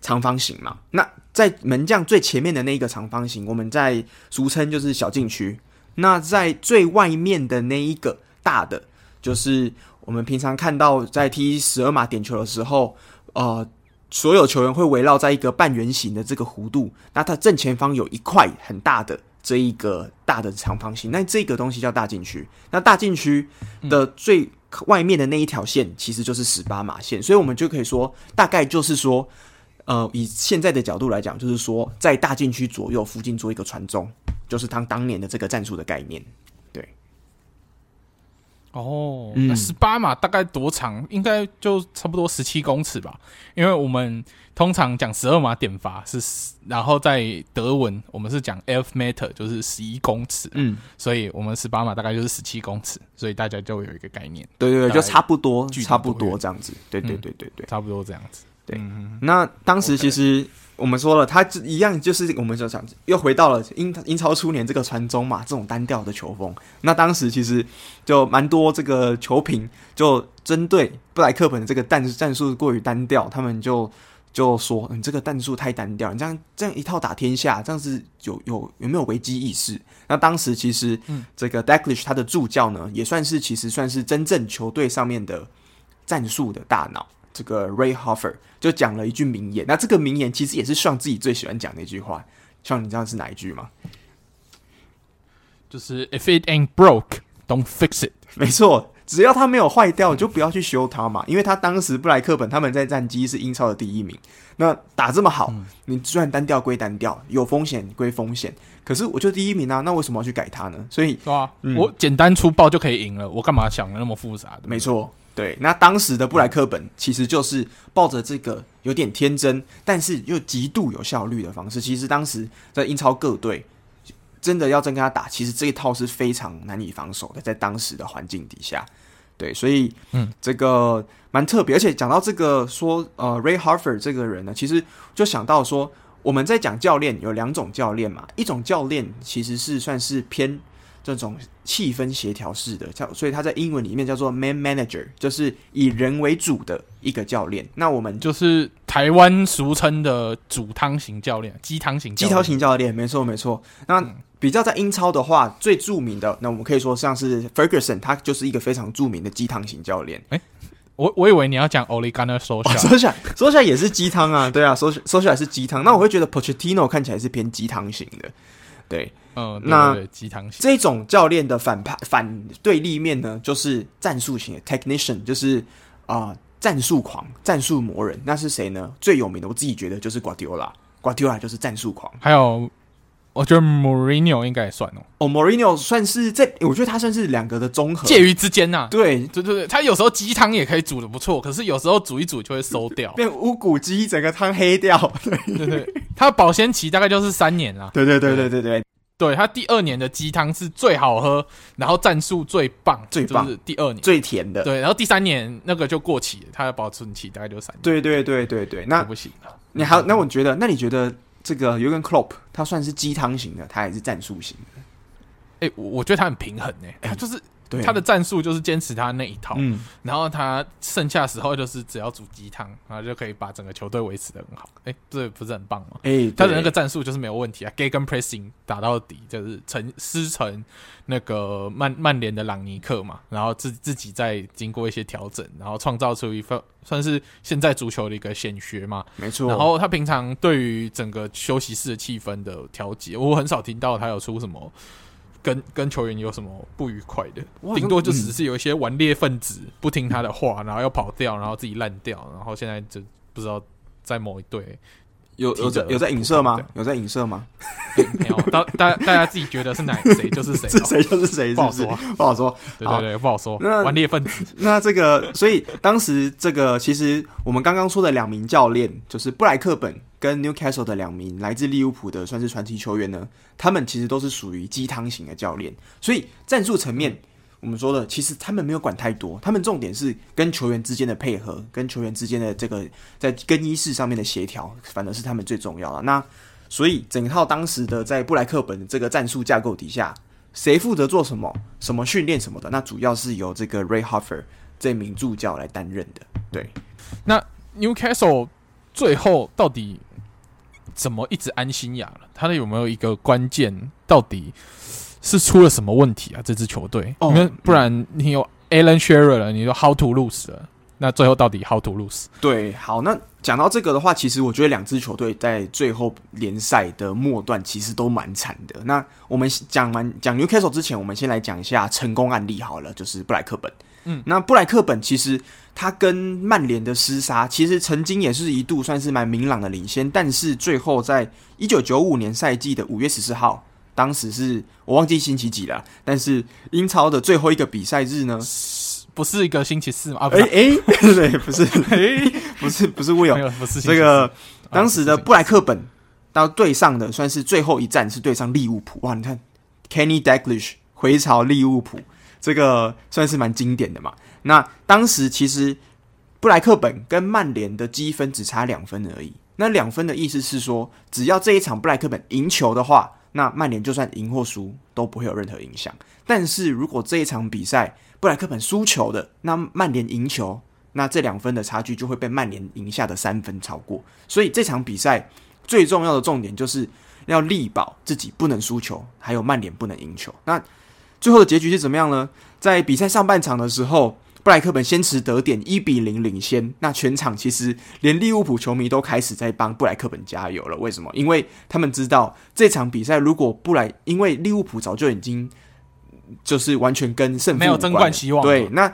長方形嘛，那在門將最前面的那一個長方形，我們在俗稱就是小禁區。那在最外面的那一個大的，就是我們平常看到在踢十二碼點球的時候，呃，所有球員會圍繞在一個半圓形的這個弧度。那它正前方有一塊很大的這一個大的長方形，那這個東西叫大禁區。那大禁區的最。嗯外面的那一條線其實就是十八碼線，所以我們就可以說，大概就是說，呃，以現在的角度來講，就是說，在大禁區左右附近做一個傳中，就是他當年的這個戰術的概念。哦、oh, 嗯，那十八碼大概多長？應該就差不多十七公尺吧。因為我們通常講十二碼點發是，然後在德文我們是講 Elfmeter，就是十一公尺。嗯，所以我們十八碼大概就是十七公尺，所以大家就有一個概念。對對對，就差不多，多，差不多這樣子。對對對對對，嗯、差不多這樣子、嗯。對，那當時其實。Okay. 我們說了，他一樣就是我們就講，又回到了英英超初年這個傳中嘛，這種單調的球風。那當時其實就蠻多這個球評，就針對布萊克本的這個戰，戰術過於單調，他們就就說你，嗯，這個戰術太單調，你這樣這樣一套打天下，這樣是有有有沒有危機意識？那當時其實，這個 Dalglish 他的助教呢，也算是其實算是真正球隊上面的戰術的大腦。這個 Ray Hoffer 就講了一句名言，那這個名言其實也是尚自己最喜歡講的一句話。像你知道是哪一句嗎？就是 If it ain't broke, don't fix it。沒錯，只要它沒有壞掉、嗯，就不要去修它嘛。因為他當時布萊克本他們在戰機是英超的第一名，那打這麼好，嗯、你雖然單調歸單調，有風險歸風險，可是我就第一名啊，那為什麼要去改它呢？所以，啊嗯、我簡單粗暴就可以贏了，我幹嘛想的那麼複雜的、嗯？沒錯。對，那當時的布萊克本其實就是抱着這個有點天真，但是又極度有效率的方式。其實當時在英超各隊真的要真跟他打，其實這一套是非常難以防守的，在當時的環境底下。對，所以嗯，這個蠻特別。而且講到這個說，呃，Ray Harford 這個人呢，其實就想到說，我們在講教練有兩種教練嘛，一種教練其實是算是偏。這種氣氛協調式的叫，所以他在英文裡面叫做 man manager，就是以人為主的一個教練。那我們就是台灣俗稱的煮湯型教練，雞湯型、雞湯型教練，沒錯沒錯。那比較在英超的話、嗯，最著名的，那我們可以說像是 Ferguson，他就是一個非常著名的雞湯型教練。哎、欸，我我以為你要講 Ole Gunnar，說起來說起來說起來也是雞湯啊，啊， [laughs] 啊，對啊，說說起來是雞湯。那我會覺得 Pochettino 看起來是偏雞湯型的。對，嗯，對對對，那這種教練的反派反對立面呢，就是戰術型的 technician，就是啊、呃，戰術狂、戰術魔人，那是誰呢？最有名的，我自己覺得就是瓜迪奧拉，瓜 o 奧 a 就是戰術狂。還有，我覺得 Morino 應該也算哦，哦、oh,，r i n o 算是這，我覺得他算是兩個的綜合，介於之間吶、啊。對對、對對對，他有時候雞湯也可以煮的不錯，可是有時候煮一煮就會餿掉，變烏骨雞，整個湯黑掉。對對、對。它的保鮮期大概就是三年了。對對對對對對，對，它第二年的雞湯是最好喝，然後戰術最棒，最棒，第二年最甜的。對，然後第三年那個就過期了，它的保存期大概就三年。對對對對對，那不行了那。那好，那我覺得，那你覺得這個尤根克洛普，他算是雞湯型的，他還是戰術型的、欸？哎，我我覺得他很平衡呢、欸。哎，就是。欸對，他的戰術就是堅持他那一套，嗯、然後他剩下的時候就是只要煮雞湯，然後就可以把整個球隊維持得很好。哎，這不，不是很棒嗎？哎，他的那個戰術就是沒有問題啊，Gegenpressing 打到底，就是成師承那個曼曼聯的朗尼克嘛，然後自自己再經過一些調整，然後創造出一份算是現在足球的一個顯學嘛，沒錯。然後他平常對於整個休息室的氣氛的調節，我很少聽到他有出什麼。跟跟球員有什麼不愉快的？頂多就只是有一些頑劣分子、嗯、不聽他的話，然後要跑掉，然後自己爛掉，然後現在就不知道在某一隊。有有在有，有在影射嗎？有在影射嗎？沒有，大大大家自己覺得是哪誰就是誰。喔，是誰就是誰，啊，不好說，不好說，對對對，不好說。那頑劣分子，那這個，所以當時這個，其實我們剛剛說的兩名教練，就是布萊克本跟 Newcastle 的兩名來自利物浦的，算是傳奇球員呢。他們其實都是屬於雞湯型的教練，所以戰術層面。嗯我們說的，其實他們沒有管太多，他們重點是跟球員之間的配合，跟球員之間的這個在更衣室上面的協調，反而是他們最重要了。那所以整套當時的在布萊克本的這個戰術架構底下，誰負責做什麼，什麼訓練什麼的，那主要是由這個 Ray Hoffer 這名助教來擔任的。對，那 Newcastle 最後到底怎麼一直安心呀？了他的有沒有一個關鍵？到底？是出了什麼問題啊？這支球隊，那、oh, 不然你有 Alan Shearer 了，你就 How to lose 了，那最後到底 How to lose？對，好，那講到這個的話，其實我覺得兩支球隊在最後聯賽的末段其實都蠻慘的。那我們講完講 Newcastle 之前，我們先來講一下成功案例好了，就是布萊克本。嗯，那布萊克本其實他跟曼聯的廝殺，其實曾經也是一度算是蠻明朗的領先，但是最後在一九九五年賽季的五月十四號。當時是我忘記星期幾了，但是英超的最後一個比賽日呢，不是一個星期四嘛，啊，不是哎、啊欸欸 [laughs] 欸，不是，不是，不是， [laughs] 沒有，不是這個當時的布萊克本到對上的算是最後一戰，是對上利物浦。哇，你看，Kenny Dalglish 回朝利物浦，這個算是蠻經典的嘛。那當時其實布萊克本跟曼聯的積分只差兩分而已，那兩分的意思是說，只要這一場布萊克本贏球的話，那曼聯就算贏或輸都不會有任何影響。但是如果這一場比賽布萊克本輸球的，那曼聯贏球，那這兩分的差距就會被曼聯贏下的三分超過。所以這場比賽最重要的重點就是要力保自己不能輸球，還有曼聯不能贏球。那最後的結局是怎麼樣呢？在比賽上半場的時候。布萊克本先持得點一比零領先，那全場其實連利物浦球迷都開始在幫布萊克本加油了。為什麼？因為他們知道這場比賽，如果布萊因為利物浦早就已經就是完全跟勝負沒有爭冠希望。對，那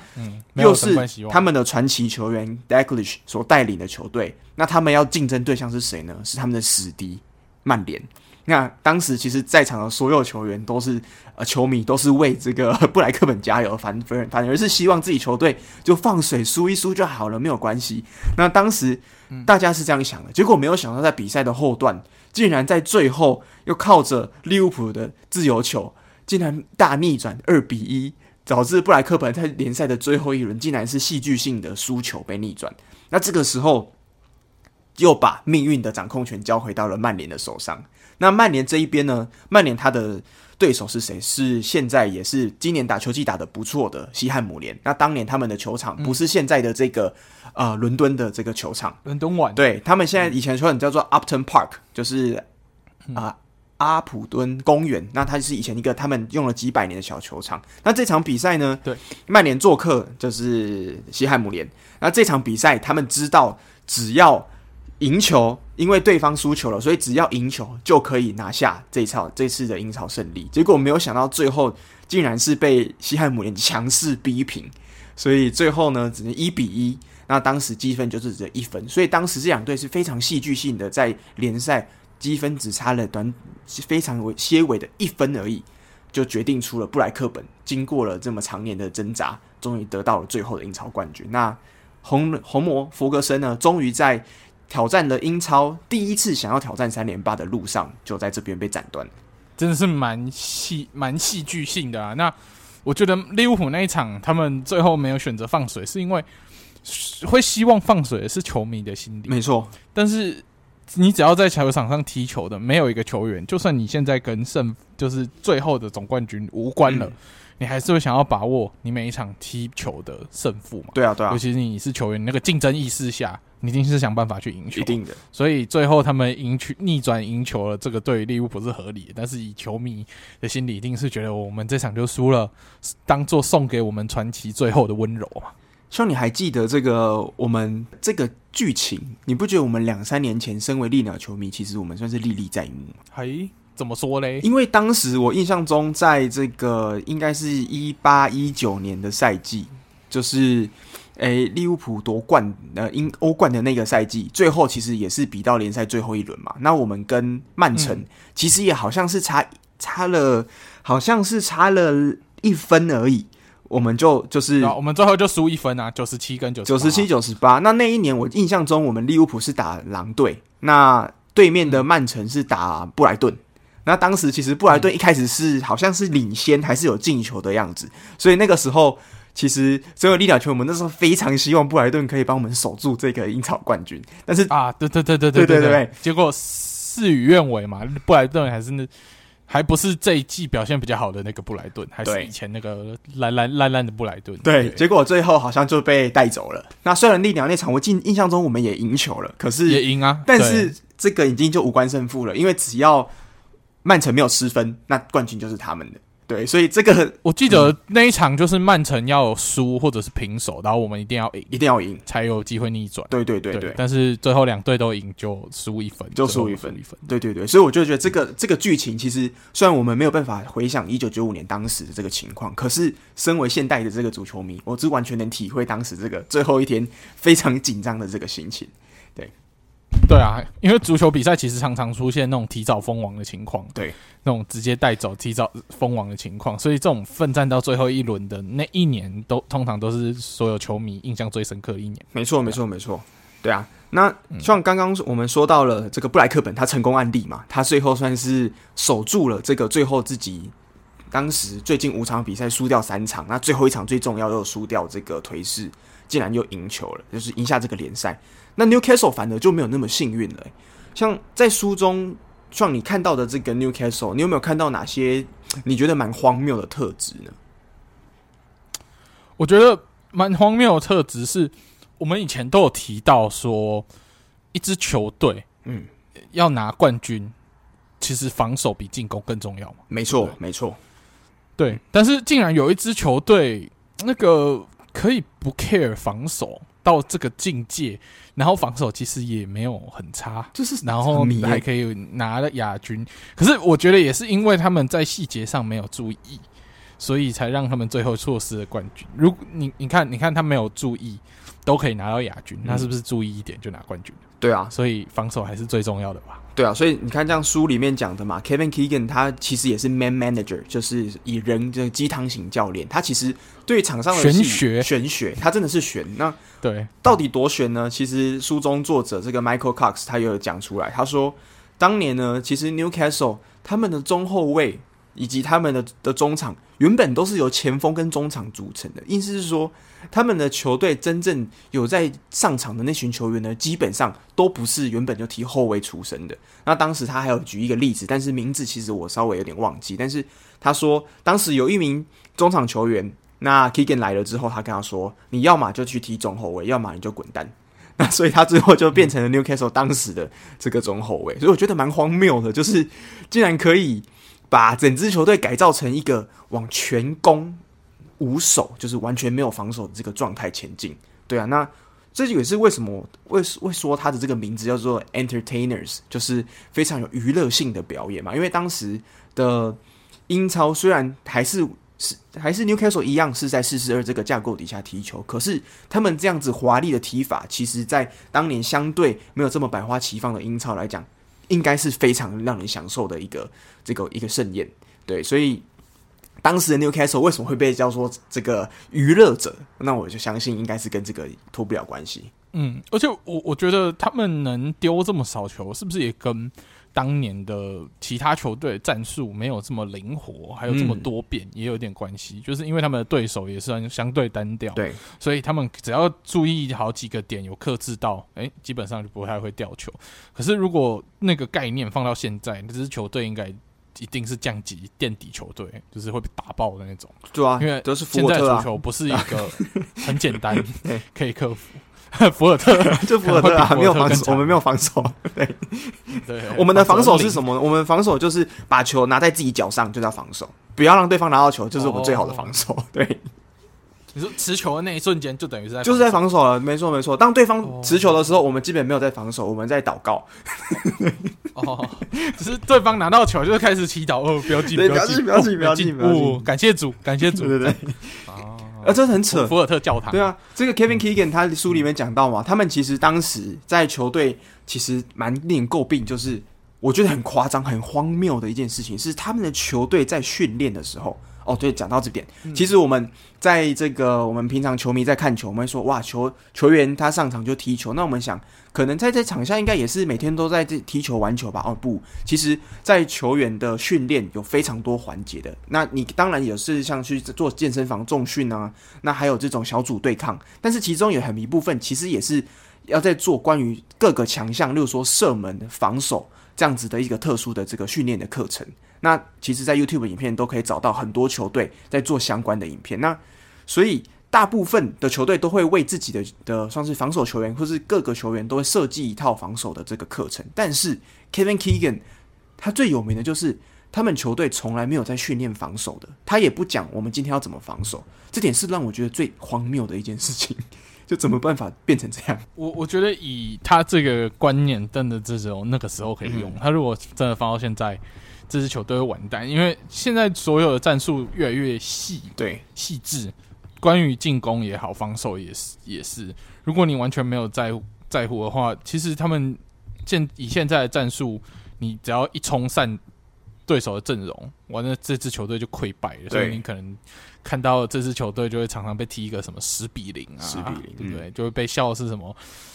又是他們的傳奇球員 Dalglish 所帶領的球隊。那他們要競爭對象是誰呢？是他們的死敵曼聯。那當時其實，在場的所有球員都是呃，球迷都是為這個布萊克本加油，反反而是希望自己球隊就放水輸一輸就好了，沒有關係。那當時大家是這樣想的，結果沒有想到，在比賽的後段，竟然在最後又靠着利物浦的自由球，竟然大逆轉二比一，導致布萊克本在聯賽的最後一輪，竟然是戲劇性的輸球被逆轉。那這個時候，又把命運的掌控權交回到了曼聯的手上。那曼聯這一邊呢？曼聯他的對手是誰？是現在也是今年打球季打得不錯的西漢姆聯。那當年他們的球場不是現在的這個、嗯、呃倫敦的這個球場，倫敦碗。對，他們現在以前的球場叫做 Upton Park、嗯、就是啊、呃嗯、阿普敦公園。那它是以前一個他們用了幾百年的小球場。那這場比賽呢？對，曼聯做客就是西漢姆聯。那這場比賽他們知道只要。贏球，因為對方輸球了，所以只要贏球就可以拿下這場這次的英超勝利。結果沒有想到，最後竟然是被西漢姆聯強勢逼平，所以最後呢，只能一比一。那當時積分就是只有一分，所以當時這兩隊是非常戲劇性的，在聯賽積分只差了短非常微些微的一分而已，就決定出了布萊克本。經過了這麼長年的掙扎，終於得到了最後的英超冠軍。那紅紅魔弗格森呢，終於在挑戰了英超第一次想要挑戰三連霸的路上，就在這邊被斬斷，真的是蠻戲蠻戲劇性的啊！那我覺得利物浦那一場，他們最後沒有選擇放水，是因為會希望放水的是球迷的心理，沒錯。但是你只要在球場上踢球的，沒有一個球員，就算你現在跟勝就是最後的總冠軍無關了、嗯，你還是會想要把握你每一場踢球的勝負嘛？對啊，對啊。尤其是你是球員，你那個競爭意識下。一定是想辦法去贏球，一定的。所以最後他們贏取逆轉贏球了，這個對利物浦是合理的。但是以球迷的心理，一定是覺得我們這場就輸了，當做送給我們傳奇最後的溫柔嘛。希望你還記得這個我們這個劇情？你不覺得我們兩三年前身為利鳥球迷，其實我們算是歷歷在目嗎？嘿，怎麼說呢？因為當時我印象中，在這個應該是一八一九年的賽季，就是。誒、欸，利物浦奪冠，呃，英歐冠的那個賽季，最後其實也是比到聯賽最後一輪嘛。那我們跟曼城其實也好像是差差了，好像是差了一分而已。我們就就是，我們最後就輸一分啊，九十七跟九十七九十八。97, 98，那那一年我印象中，我們利物浦是打狼隊，那對面的曼城是打布萊頓、嗯。那當時其實布萊頓一開始是，嗯，好像是領先，還是有進球的樣子，所以那個時候。其實，所有利物浦，我們那時候非常希望布萊頓可以幫我們守住這個英超冠軍，但是啊，對對對對對對對，對對對對，結果事與願違嘛，布萊頓還是那還不是這一季表現比較好的那個布萊頓，還是以前那個爛爛爛爛的布萊頓。對，結果最後好像就被帶走了。那雖然利物浦那場我，我記印象中我們也贏球了，可是也贏啊，但是這個已經就無關勝負了，因為只要曼城沒有失分，那冠軍就是他們的。對，所以這個、欸、我記得那一場就是曼城要輸或者是平手，然後我們一定要贏，一定要贏才有機會逆轉。對，對對對對，但是最後兩隊都贏就輸一分，就輸一分，輸一分。對對對，所以我就覺得這個這個劇情其實雖然我們沒有辦法回想一九九五年當時的這個情況，可是身為現代的這個足球迷，我是完全能體會當時這個最後一天非常緊張的這個心情。對。對啊，因為足球比賽其實常常出現那種提早封王的情況，對，那種直接帶走提早封王的情況，所以這種奮戰到最後一輪的那一年都，都通常都是所有球迷印象最深刻的一年。沒錯，對啊，沒錯，沒錯。對啊，那像剛剛我們說到了這個布萊克本，他成功案例嘛，他最後算是守住了這個最後自己當時最近五場比賽輸掉三場，那最後一場最重要又輸掉這個頹勢，竟然又贏球了，就是贏下這個聯賽。那 Newcastle 反而就沒有那麼幸運了欸。像在書中，像你看到的這個 Newcastle，你有沒有看到哪些你覺得蠻荒謬的特質呢？我覺得蠻荒謬的特質是我們以前都有提到說，一支球隊，嗯，要拿冠軍，其實防守比進攻更重要嘛。沒錯，沒錯。對，但是竟然有一支球隊，那個可以不 care 防守。到這個境界，然後防守其實也沒有很差，就是然後你還可以拿了亞軍。可是我覺得也是因為他們在細節上沒有注意，所以才讓他們最後錯失了冠軍。如果你你看，你看他沒有注意，都可以拿到亞軍，那、嗯、是不是注意一點就拿冠軍了？對啊，所以防守還是最重要的吧。對啊，所以你看，這樣書裡面講的嘛，Kevin Keegan 他其實也是 man manager，就是以人這、就是、雞湯型教練。他其實對場上的玄學，玄學，他真的是玄。那對，到底多玄呢？其實書中作者這個 Michael Cox 他有講出來，他說當年呢，其實 Newcastle 他們的中後衛以及他們的的中場原本都是由前鋒跟中場組成的，意思是說。他們的球隊真正有在上場的那群球員呢，基本上都不是原本就踢後衛出身的。那當時他還有舉一個例子，但是名字其實我稍微有點忘記。但是他說，當時有一名中場球員，那 Keegan 來了之後，他跟他說：“你要麼就去踢中後衛，要麼你就滾蛋。”那所以他最後就變成了 Newcastle 當時的這個中後衛。嗯。所以我覺得蠻荒謬的，就是竟然可以把整支球隊改造成一個往全攻。無守就是完全沒有防守的這個狀態前進。對啊，那這就也是為什麼，為為說他的這個名字叫做 Entertainers，就是非常有娛樂性的表演嘛。因為當時的英超雖然還是是還是 Newcastle 一樣是在四四二這個架構底下踢球，可是他們這樣子華麗的踢法，其實，在當年相對沒有這麼百花齊放的英超來講，應該是非常讓人享受的一個這個一個盛宴，對，所以。當時的 Newcastle 為什麼會被叫做這個娛樂者？那我就相信應該是跟這個脫不了關係。嗯，而且我我覺得他們能丟這麼少球，是不是也跟當年的其他球隊戰術沒有這麼靈活，還有這麼多變，嗯、也有點關係？就是因為他們的對手也是相對單調，對，所以他們只要注意好幾個點，有克制到，誒、欸，基本上就不太會掉球。可是如果那個概念放到現在，那支球隊應該。一定是降級墊底球隊，就是會被打爆的那種。對啊，因為都是福爾特足球，不是一個很簡單可以克服。福 [laughs] 對 [laughs] 爾特就福爾特沒有防守， [laughs] 我們沒有防守。對，對，對，對，我們的防守是什麼呢？我們防守就是把球拿在自己腳上，就叫防守。不要讓對方拿到球，就是我們最好的防守。對。哦哦哦哦哦。你說持球的那一瞬間，就等於是在就是在防守了。沒錯，沒錯。當對方持球的時候，oh. 我們基本沒有在防守，我們在禱告。Oh. [laughs] oh. 只是對方拿到球，就開始祈禱哦，不要進，不要不要進，不要不要進。哦，感謝, [laughs] 感謝主，感謝主，對對對。哦、啊，啊，真的很扯。福爾特教堂。對啊，這個 Kevin Keegan 他書裡面講到嘛、嗯，他們其實當時在球隊其實蠻令人詬病，就是我覺得很誇張、很荒謬的一件事情，是他們的球隊在訓練的時候。嗯哦，對，講到這點，嗯、其實我們在這個我們平常球迷在看球，我們會說，哇，球球員他上場就踢球。那我們想，可能在這場下應該也是每天都在這踢球、玩球吧？哦，不，其實在球員的訓練有非常多環節的。那你當然也是像去做健身房重訓啊，那還有這種小組對抗，但是其中有很一部分其實也是要在做關於各個強項，例如說射門、防守這樣子的一個特殊的這個訓練的課程。那其實，在 YouTube 影片都可以找到很多球隊在做相關的影片啊。那所以，大部分的球隊都會為自己的的算是防守球員或是各個球員都會設計一套防守的這個課程。但是 Kevin Keegan 他最有名的就是他們球隊從來沒有在訓練防守的，他也不講我們今天要怎麼防守，這點是讓我覺得最荒謬的一件事情。就怎麼辦法變成這樣？我我覺得以他這個觀念，瞪的這種那個時候可以用。他如果真的放到現在。這支球隊會完蛋，因為現在所有的戰術越來越細，對，細緻。關於進攻也好，防守也是，也是。如果你完全沒有在乎，在乎的話，其實他們現以現在的戰術，你只要一衝散對手的陣容，完了，這支球隊就潰敗了。所以你可能看到這支球隊就會常常被踢一個什麼十比零啊，十比零，對不對？嗯。就會被笑的是什麼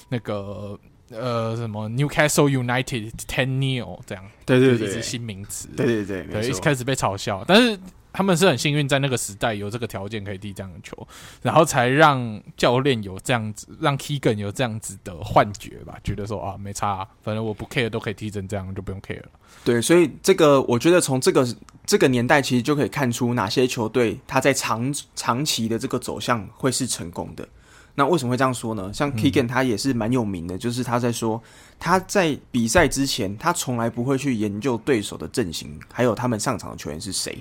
那個。呃，什麼 Newcastle United，Ten New 這樣，對對對，是新名詞，對對對，對，對一開始被嘲笑，但是他們是很幸運，在那個時代有這個條件可以踢這樣的球，然後才讓教練有這樣子，讓 Keegan 有這樣子的幻覺吧，覺得說啊，沒差啊，反正我不 care 都可以踢成這樣，就不用 care 了。對，所以這個我覺得從這個這個年代其實就可以看出哪些球隊他在長長期的這個走向會是成功的。那為什麼會這樣說呢？像 Keegan 他也是蠻有名的，嗯，就是他在說，他在比賽之前，他從來不會去研究對手的陣型，還有他們上場的球員是誰。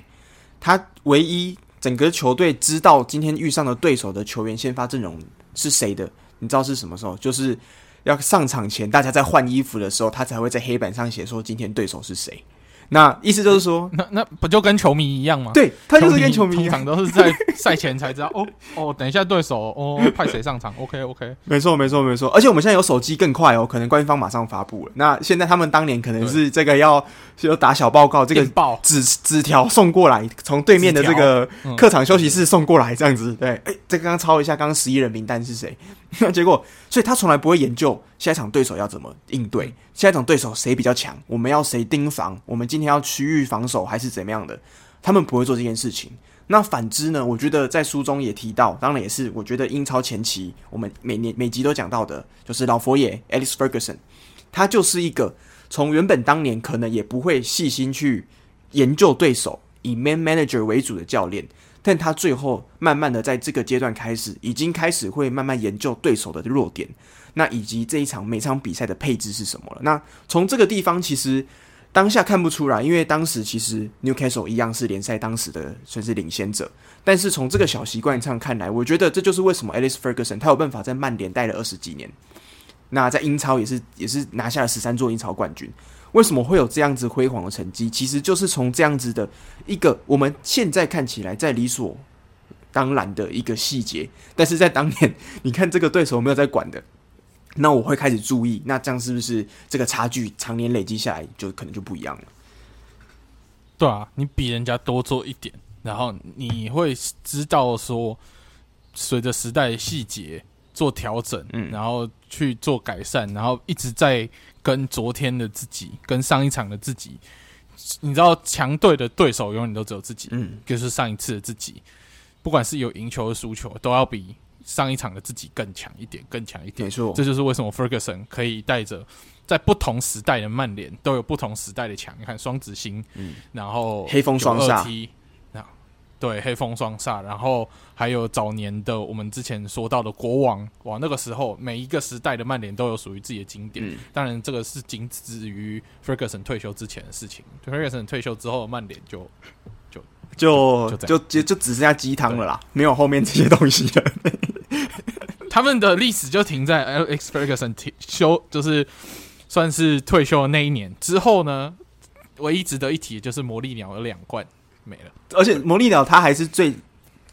他唯一整個球隊知道今天遇上的對手的球員先發陣容是誰的，你知道是什麼時候？就是要上場前大家在換衣服的時候，他才會在黑板上寫說今天對手是誰。那意思就是說那，那那不就跟球迷一樣嗎？對，他就是跟球迷一樣，球迷，通常都是在賽前才知道。 [laughs] 哦哦，等一下對手哦派誰上場 [laughs] ？OK OK，沒錯沒錯沒錯。而且我們現在有手機更快哦，可能官方馬上發布了。那現在他們當年可能是這個要要打小報告，這個紙紙條送過來，從對面的這個客場休息室送過來，這樣子。對，哎、欸，這剛剛抄一下，剛剛十一人名單是誰？ [laughs] 那結果，所以他從來不會研究下一場對手要怎麼應對，下一場對手誰比較強，我們要誰盯防，我們今天要區域防守還是怎麼樣的？他們不會做這件事情。那反之呢？我覺得在書中也提到，當然也是，我覺得英超前期我們每年每集都講到的，就是老佛爺 Alex Ferguson，他就是一個從原本當年可能也不會細心去研究對手，以 man manager 為主的教練。但他最後慢慢的在這個階段開始，已經開始會慢慢研究對手的弱點，那以及這一場每場比賽的配置是什麼了。那從這個地方其實當下看不出來，因為當時其實 Newcastle 一樣是聯賽當時的算是領先者。但是從這個小習慣上看來，我覺得這就是為什麼 Alex Ferguson 他有辦法在曼聯待了二十幾年，那在英超也是也是拿下了十三座英超冠軍。為什麼會有這樣子輝煌的成績？其實就是從這樣子的一個我們現在看起來在理所當然的一個細節，但是在當年，你看這個對手沒有在管的，那我會開始注意。那這樣是不是這個差距常年累積下來就，就可能就不一樣了？對啊，你比人家多做一點，然後你會知道說，隨着時代的細節做調整，嗯，然後去做改善，然後一直在。跟昨天的自己，跟上一場的自己，你知道，強隊的對手永遠都只有自己，嗯，就是上一次的自己，不管是有贏球和輸球，都要比上一場的自己更強一點，更強一點。沒錯，這就是為什麼 Ferguson 可以帶着在不同時代的曼聯都有不同時代的強。你看雙子星，嗯，然後 2T，黑風雙煞。對，黑風雙煞，然後還有早年的我們之前說到的國王，哇，那個時候每一個時代的曼聯都有屬於自己的經典，嗯。當然，這個是僅止於 Ferguson 退休之前的事情。Ferguson 退休之後的、的曼聯就就就就就就，就，就只剩下雞湯了啦，沒有後面這些東西了。 [laughs] 他們的歷史就停在 Alex Ferguson 退休，就是算是退休的那一年之後呢，唯一值得一提的就是魔力鳥有兩冠。沒了，而且魔力鳥他還是最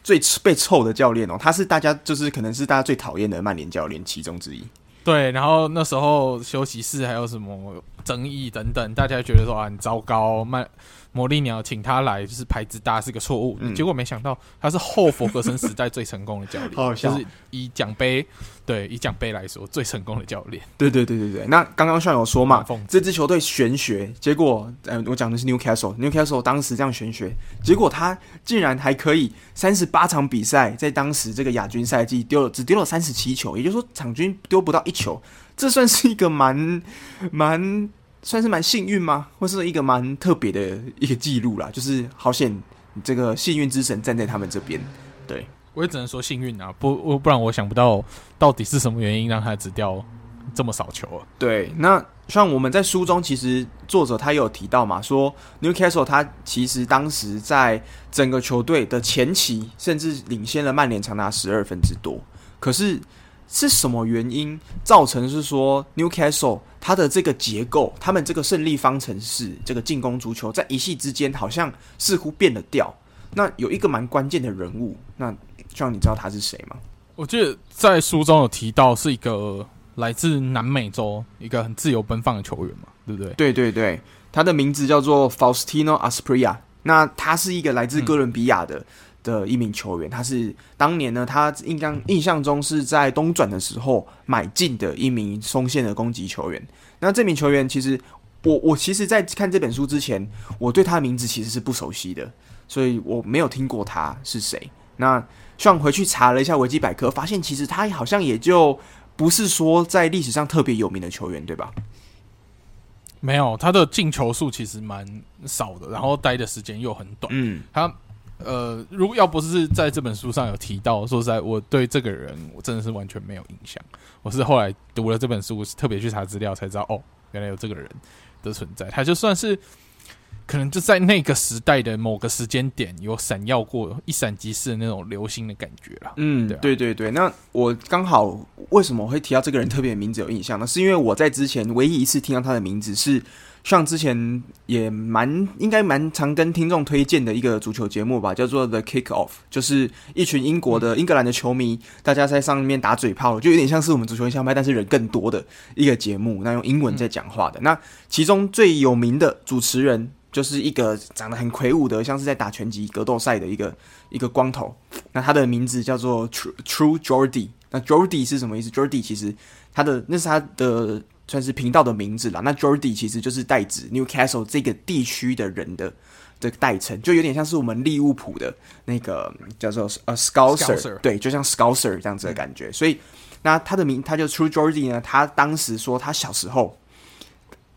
最被臭的教練哦，他是大家就是可能是大家最討厭的曼聯教練其中之一。對，然後那時候休息室還有什麼爭議等等，大家覺得說很、啊、糟糕，曼。魔力鳥請他來就是牌子大是個錯誤，嗯、結果沒想到他是後佛格森時代最成功的教練， [laughs] 好像就是以獎杯對以獎杯來說最成功的教練。對對對對對。那剛剛校有說嘛，這支球隊玄學，結果嗯、呃，我講的是 Newcastle，Newcastle New 當時這樣玄學，結果他竟然還可以三十八場比賽，在當時這個亞軍賽季丟了只丟了三十七球，也就是說場均丟不到一球，這算是一個蠻蠻。算是蠻幸運嗎？或是一個蠻特別的一個記錄啦，就是好險，這個幸運之神站在他們這邊。對，我也只能說幸運啊，不，我不然我想不到到底是什麼原因讓他只掉這麼少球啊。對，那像我們在書中其實作者他也有提到嘛，說 Newcastle 他其實當時在整個球隊的前期，甚至領先了曼聯長達十二分之多，可是。是什麼原因造成？是說 Newcastle 他的這個結構，他們這個勝利方程式，這個進攻足球，在一夕之間好像似乎變了調。那有一個蠻關鍵的人物，那像你知道他是誰嗎？我記得在書中有提到，是一個來自南美洲，一個很自由奔放的球員嘛，對不對？對對對，他的名字叫做 Faustino Asprilla 那他是一個來自哥倫比亞的。嗯的一名球員，他是當年呢，他印象印象中是在東轉的時候買進的一名鋒線的攻擊球員。那這名球員，其實我我其實在看這本書之前，我對他的名字其實是不熟悉的，所以我沒有聽過他是誰。那希望回去查了一下維基百科，發現其實他好像也就不是說在歷史上特別有名的球員，對吧？沒有，他的進球數其實蠻少的，然後待的時間又很短。嗯，他。呃，如果要不是在這本書上有提到，說實在，我對這個人我真的是完全沒有印象。我是後來讀了這本書，特別去查資料才知道，哦，原來有這個人的存在。他就算是可能就在那個時代的某個時間點，有閃耀過一閃即逝的那種流星的感覺啦。嗯對、啊，對對對。那我剛好為什麼會提到這個人特別名字有印象呢、嗯？是因為我在之前唯一一次聽到他的名字是。像之前也蠻應該蠻常跟聽眾推薦的一個足球節目吧，叫做 The Kick Off，就是一群英國的英格蘭的球迷、嗯，大家在上面打嘴炮，就有點像是我們足球員下班，但是人更多的一個節目。那用英文在講話的、嗯，那其中最有名的主持人就是一個長得很魁梧的，像是在打拳擊格鬥賽的一個一個光頭。那他的名字叫做 True True Jordy。那 Jordy 是什麼意思？Jordy 其實他的那是他的。算是頻道的名字啦。那 Geordie 其實就是代指 Newcastle 這個地區的人的這個代稱，就有點像是我們利物浦的那個叫做呃 Scouser，Scouser 對，就像 Scouser 這樣子的感覺、嗯。所以，那他的名他就 True Geordie 呢，他當時說他小時候，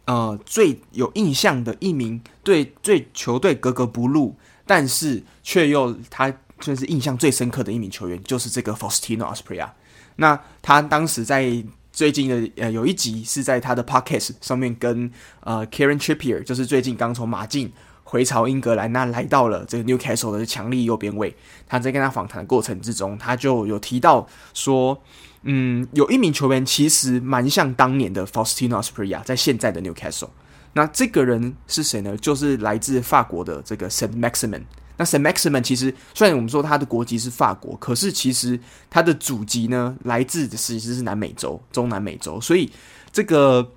呃，最有印象的一名對對球隊格格不入，但是卻又他算、就是印象最深刻的一名球員，就是這個 Faustino Asprilla 那他當時在。最近的呃，有一集是在他的 podcast 上面跟呃 Kieran Trippier 就是最近剛從馬競回朝英格蘭，那來到了這個 Newcastle 的強力右邊衛。他在跟他訪談的過程之中，他就有提到說，嗯，有一名球員其實蠻像當年的 Faustino Asprilla 在現在的 Newcastle，那這個人是誰呢？就是來自法國的這個 Saint-Maximin。那 Saint-Maximin 其實雖然我們說他的國籍是法國，可是其實他的祖籍呢，來自的其實是南美洲、中南美洲，所以這個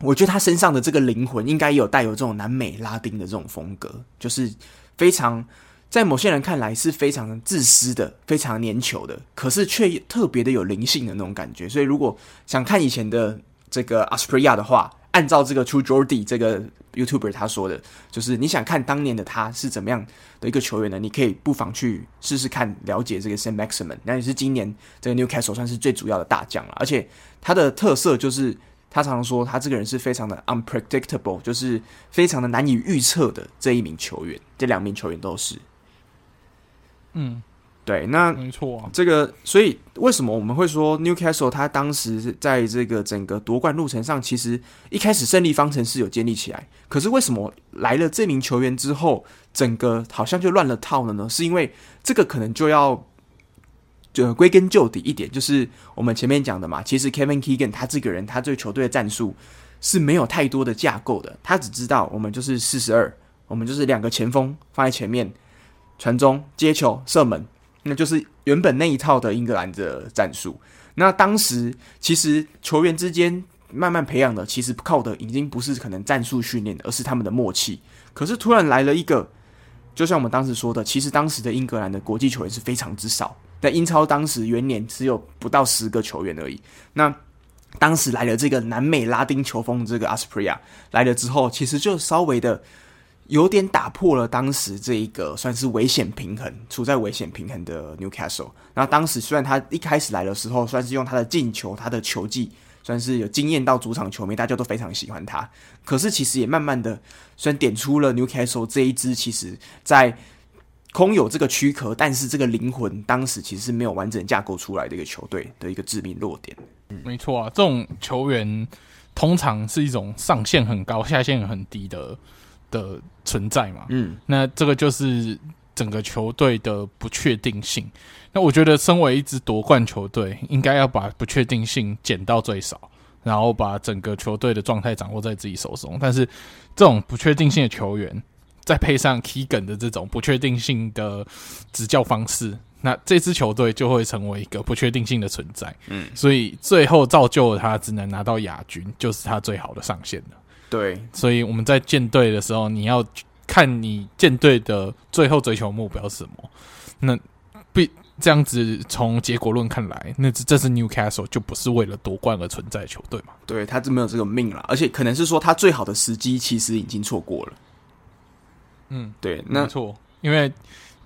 我覺得他身上的這個靈魂應該也有帶有這種南美拉丁的這種風格，就是非常在某些人看來是非常自私的、非常粘稠的，可是卻特別的有靈性的那種感覺。所以如果想看以前的這個 Asprilla 的話，按照這個 True Jordy 這個。YouTuber 他說的，就是你想看當年的他是怎麼樣的一個球員呢？你可以不妨去試試看了解這個 Saint-Maximin 那也是今年這個 Newcastle 算是最主要的大將了，而且他的特色就是他常常說他這個人是非常的 unpredictable，就是非常的難以預測的這一名球員，這兩名球員都是，嗯。對，那沒錯，這個、啊，所以為什麼我們會說 Newcastle 他當時在這個整個奪冠路程上，其實一開始勝利方程式有建立起來，可是為什麼來了這名球員之後，整個好像就亂了套了呢？是因為這個可能就要就歸根究底一點，就是我們前面講的嘛，其實 Kevin Keegan 他這個人，他對球隊的戰術是沒有太多的架構的，他只知道我們就是四十二，我們就是兩個前鋒放在前面，傳中、接球、射門。那就是原本那一套的英格蘭的戰術。那當時其實球員之間慢慢培養的，其實靠的已經不是可能戰術訓練，而是他們的默契。可是突然來了一個，就像我們當時說的，其實當時的英格蘭的國際球員是非常之少。那英超當時元年只有不到十個球員而已。那當時來了這個南美拉丁球風這個阿斯普里亞來了之後，其實就稍微的。有點打破了當時這一個算是危險平衡，處在危險平衡的 Newcastle。然後當時雖然他一開始來的時候，算是用他的進球、他的球技，算是有驚豔到主場球迷，大家都非常喜歡他。可是其實也慢慢的，雖然點出了 Newcastle 這一支，其實在空有這個軀殼，但是這個靈魂當時其實是沒有完整架構出來的一個球隊的一個致命弱點。沒錯啊，這種球員通常是一種上限很高、下限很低的。的存在嘛，嗯，那這個就是整個球隊的不確定性。那我覺得，身為一支奪冠球隊，應該要把不確定性減到最少，然後把整個球隊的狀態掌握在自己手中。但是，這種不確定性的球員，再配上 Keegan 的這種不確定性的執教方式，那這支球隊就會成為一個不確定性的存在。嗯，所以最後造就了他只能拿到亞軍，就是他最好的上限了。對，所以我們在建隊的時候，你要看你建隊的最後追求目標是什麼。那，必這樣子從結果論看來，那這，這是 Newcastle 就不是為了奪冠而存在球隊嘛？對，他就沒有這個命了。而且可能是說，他最好的時機其實已經錯過了。嗯，對，那沒錯，因為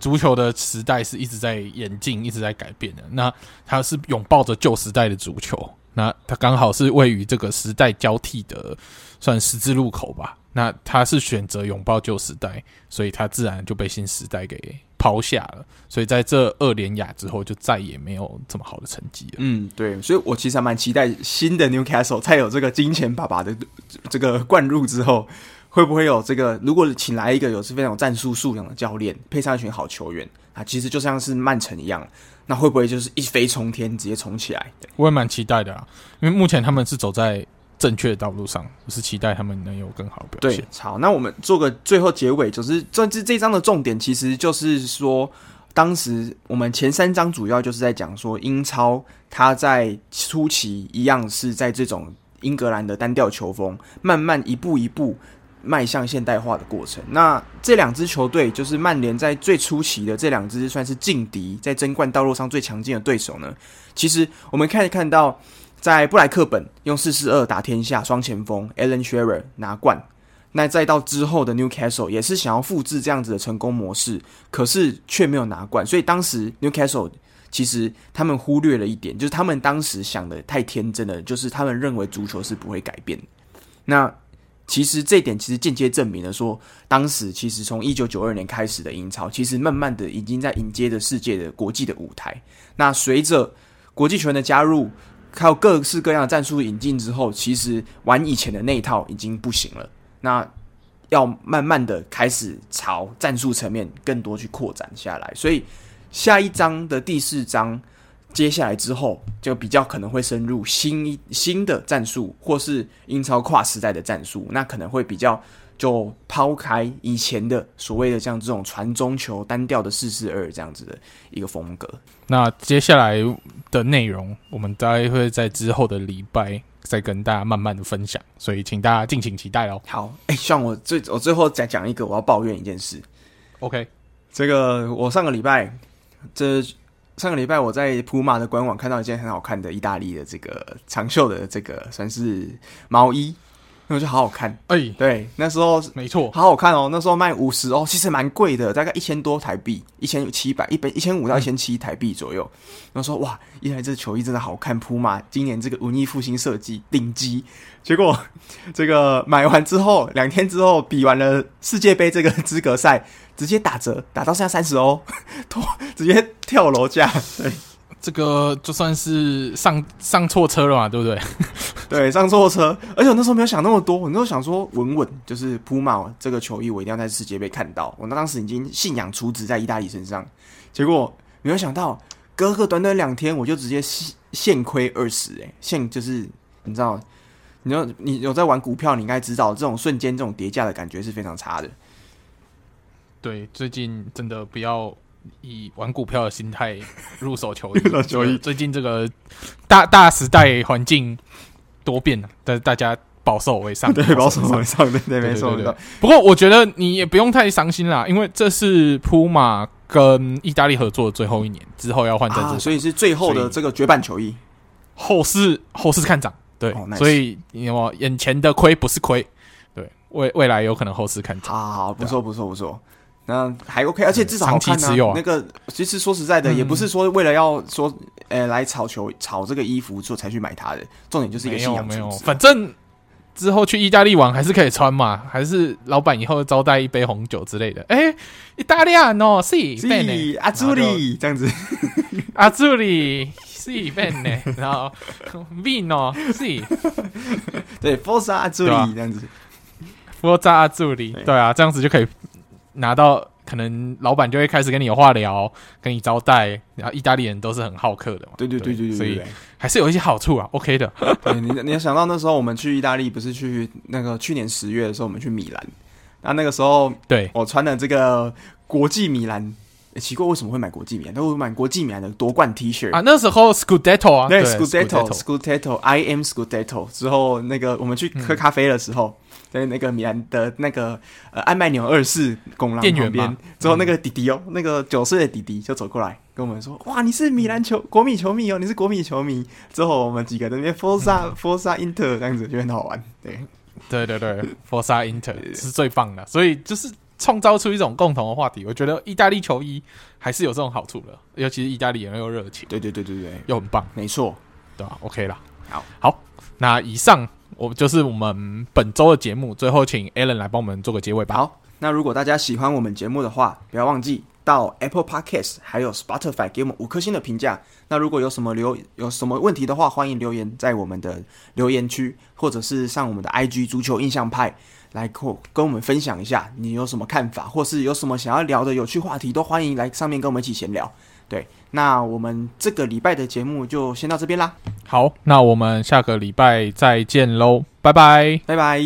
足球的時代是一直在演進，一直在改變的。那他是擁抱着舊時代的足球，那他剛好是位於這個時代交替的。算十字路口吧，那他是選擇擁抱舊時代，所以他自然就被新時代給拋下了。所以在這二連亞之後，就再也沒有這麼好的成績了。嗯，對，所以我其實還蠻期待新的 Newcastle 在有這個金錢爸爸的這個灌入之後，會不會有這個？如果請來一個有是非常有戰術素養的教練，配上一群好球員啊，其實就像是曼城一樣，那會不會就是一飛沖天，直接衝起來？我也蠻期待的啊，因為目前他們是走在。正確的道路上，我是期待他們能有更好的表現。對，好，那我們做個最後結尾，就是算是這，這一章的重點，其實就是說，當時我們前三章主要就是在講說英超，它在初期一樣是在這種英格蘭的單調球風，慢慢一步一步邁向現代化的過程。那這兩支球隊，就是曼聯在最初期的這兩支算是勁敵，在爭冠道路上最強勁的對手呢。其實我們看一看到。在布萊克本用四四二打天下，雙前鋒 Alan Shearer 拿冠。那再到之後的 Newcastle 也是想要複製這樣子的成功模式，可是卻沒有拿冠。所以當時 Newcastle 其實他們忽略了一點，就是他們當時想的太天真了，就是他們認為足球是不會改變。那其實這一點其實間接證明了說，說當時其實從一九九二年開始的英超，其實慢慢的已經在迎接着世界的國際的舞台。那隨着國際球員的加入，靠各式各樣的戰術引進之後，其實玩以前的那一套已經不行了。那要慢慢的開始朝戰術層面更多去擴展下來。所以下一章的第四章，接下來之後就比較可能會深入新新的戰術，或是英超跨時代的戰術，那可能會比較。就拋開以前的所謂的像這種傳中球、單調的四四二這樣子的一個風格。那接下來的內容，我們大概會在之後的禮拜再跟大家慢慢的分享，所以請大家敬請期待哦。好，哎、欸，像我最我最後再講一個，我要抱怨一件事。OK，這個我上個禮拜，這上個禮拜我在普馬的官網看到一件很好看的意大利的這個長袖的這個算是毛衣。那就好好看，哎、欸，對，那時候沒錯，好好看哦。那時候賣五十歐，其實蠻貴的，大概一千多台幣，一千七百一百一千五到一千七台幣左右。然後說哇，原來這球衣真的好看，撲馬！今年這個文藝復興設計頂級，結果這個買完之後，兩天之後比完了世界盃這個資格賽，直接打折，打到現在三十歐，直接跳樓價。對這個就算是上上錯車了嘛，對不對？對，上錯車。而且我那時候沒有想那麼多，我那時候想說穩穩就是鋪滿這個球衣，我一定要在世界盃看到。我那當時已經信仰儲值，在意大利身上，結果沒有想到，隔個短短兩天，我就直接現虧二十哎！現就是你知道，你知你有在玩股票，你應該知道這種瞬間這種跌價的感覺是非常差的。對，最近真的不要。以玩股票的心態入手球衣，所以最近這個大大時代環境多變，但是大家保守為上，保守為上，對保守為上，對，對，對，對，對，對，對，沒錯。不過我覺得你也不用太傷心啦，因為這是 Puma 跟意大利合作的最後一年，之後要換贊助，啊，所以是最後的這個絕版球衣。後市後市看漲，對，oh, nice. 所以你我眼前的虧不是虧，對，未未來有可能後市看漲啊，不錯不錯不錯。那、嗯、還 OK，而且至少、啊、長期持有、啊。那個其實說實在的、嗯，也不是說為了要說呃來炒球、炒這個衣服之後才去買它的。重點就是一個信仰沒。沒有，反正之後去意大利玩還是可以穿嘛，還是老板以後招待一杯紅酒之類的。哎、欸，Italiano，是，是是，是 Azzurri 這樣子。Azzurri 是 bene 是，然後 v i n 是，Vino, si. 對 Forza Azzurri 這樣子。Forza Azzurri，對啊，這樣子就可以。拿到可能老闆就會開始跟你有話聊，跟你招待，然後意大利人都是很好客的嘛。對對對對對，對，對，所以還是有一些好處啊，OK 的。你你，要想到那時候我們去意大利，不是去那個去年十月的時候，我們去米蘭，那那個時候對我穿的這個國際米蘭，奇怪為什麼會買國際米蘭？那我買國際米蘭的奪冠 T 恤啊，那時候 Scudetto 啊，對，對 Scudetto，Scudetto，I Scudetto, am Scudetto。之後那個我們去喝咖啡的時候。嗯在那個米蘭的那個呃艾曼紐二世拱廊旁邊，之後那個弟弟哦、喔，嗯、那個九歲的弟弟就走過來跟我們說：“哇，你是米蘭球國米球迷哦、喔，你是國米球迷。”之後我們幾個在那邊 Forza Forza Inter 這樣子就很好玩，對對對對，Forza Inter [laughs] 是最棒的，所以就是創造出一種共同的話題。我覺得意大利球衣還是有這種好處的，尤其是意大利人又熱情，對對對對對，對，又很棒，沒錯，對吧、啊、？OK 了，好好，那以上。我就是我們本周的節目，最後請 Alan 來幫我們做個結尾吧。好，那如果大家喜歡我們節目的話，不要忘記到 Apple Podcast 還有 Spotify 給我們五顆星的評價。那如果有什麼留有什麼問題的話，歡迎留言在我們的留言區，或者是上我們的 IG 足球印象派來跟跟我們分享一下你有什麼看法，或是有什麼想要聊的有趣話題，都歡迎來上面跟我們一起閒聊。對，那我們這個禮拜的節目就先到這邊啦。好，那我們下個禮拜再見嘍，拜拜，拜拜。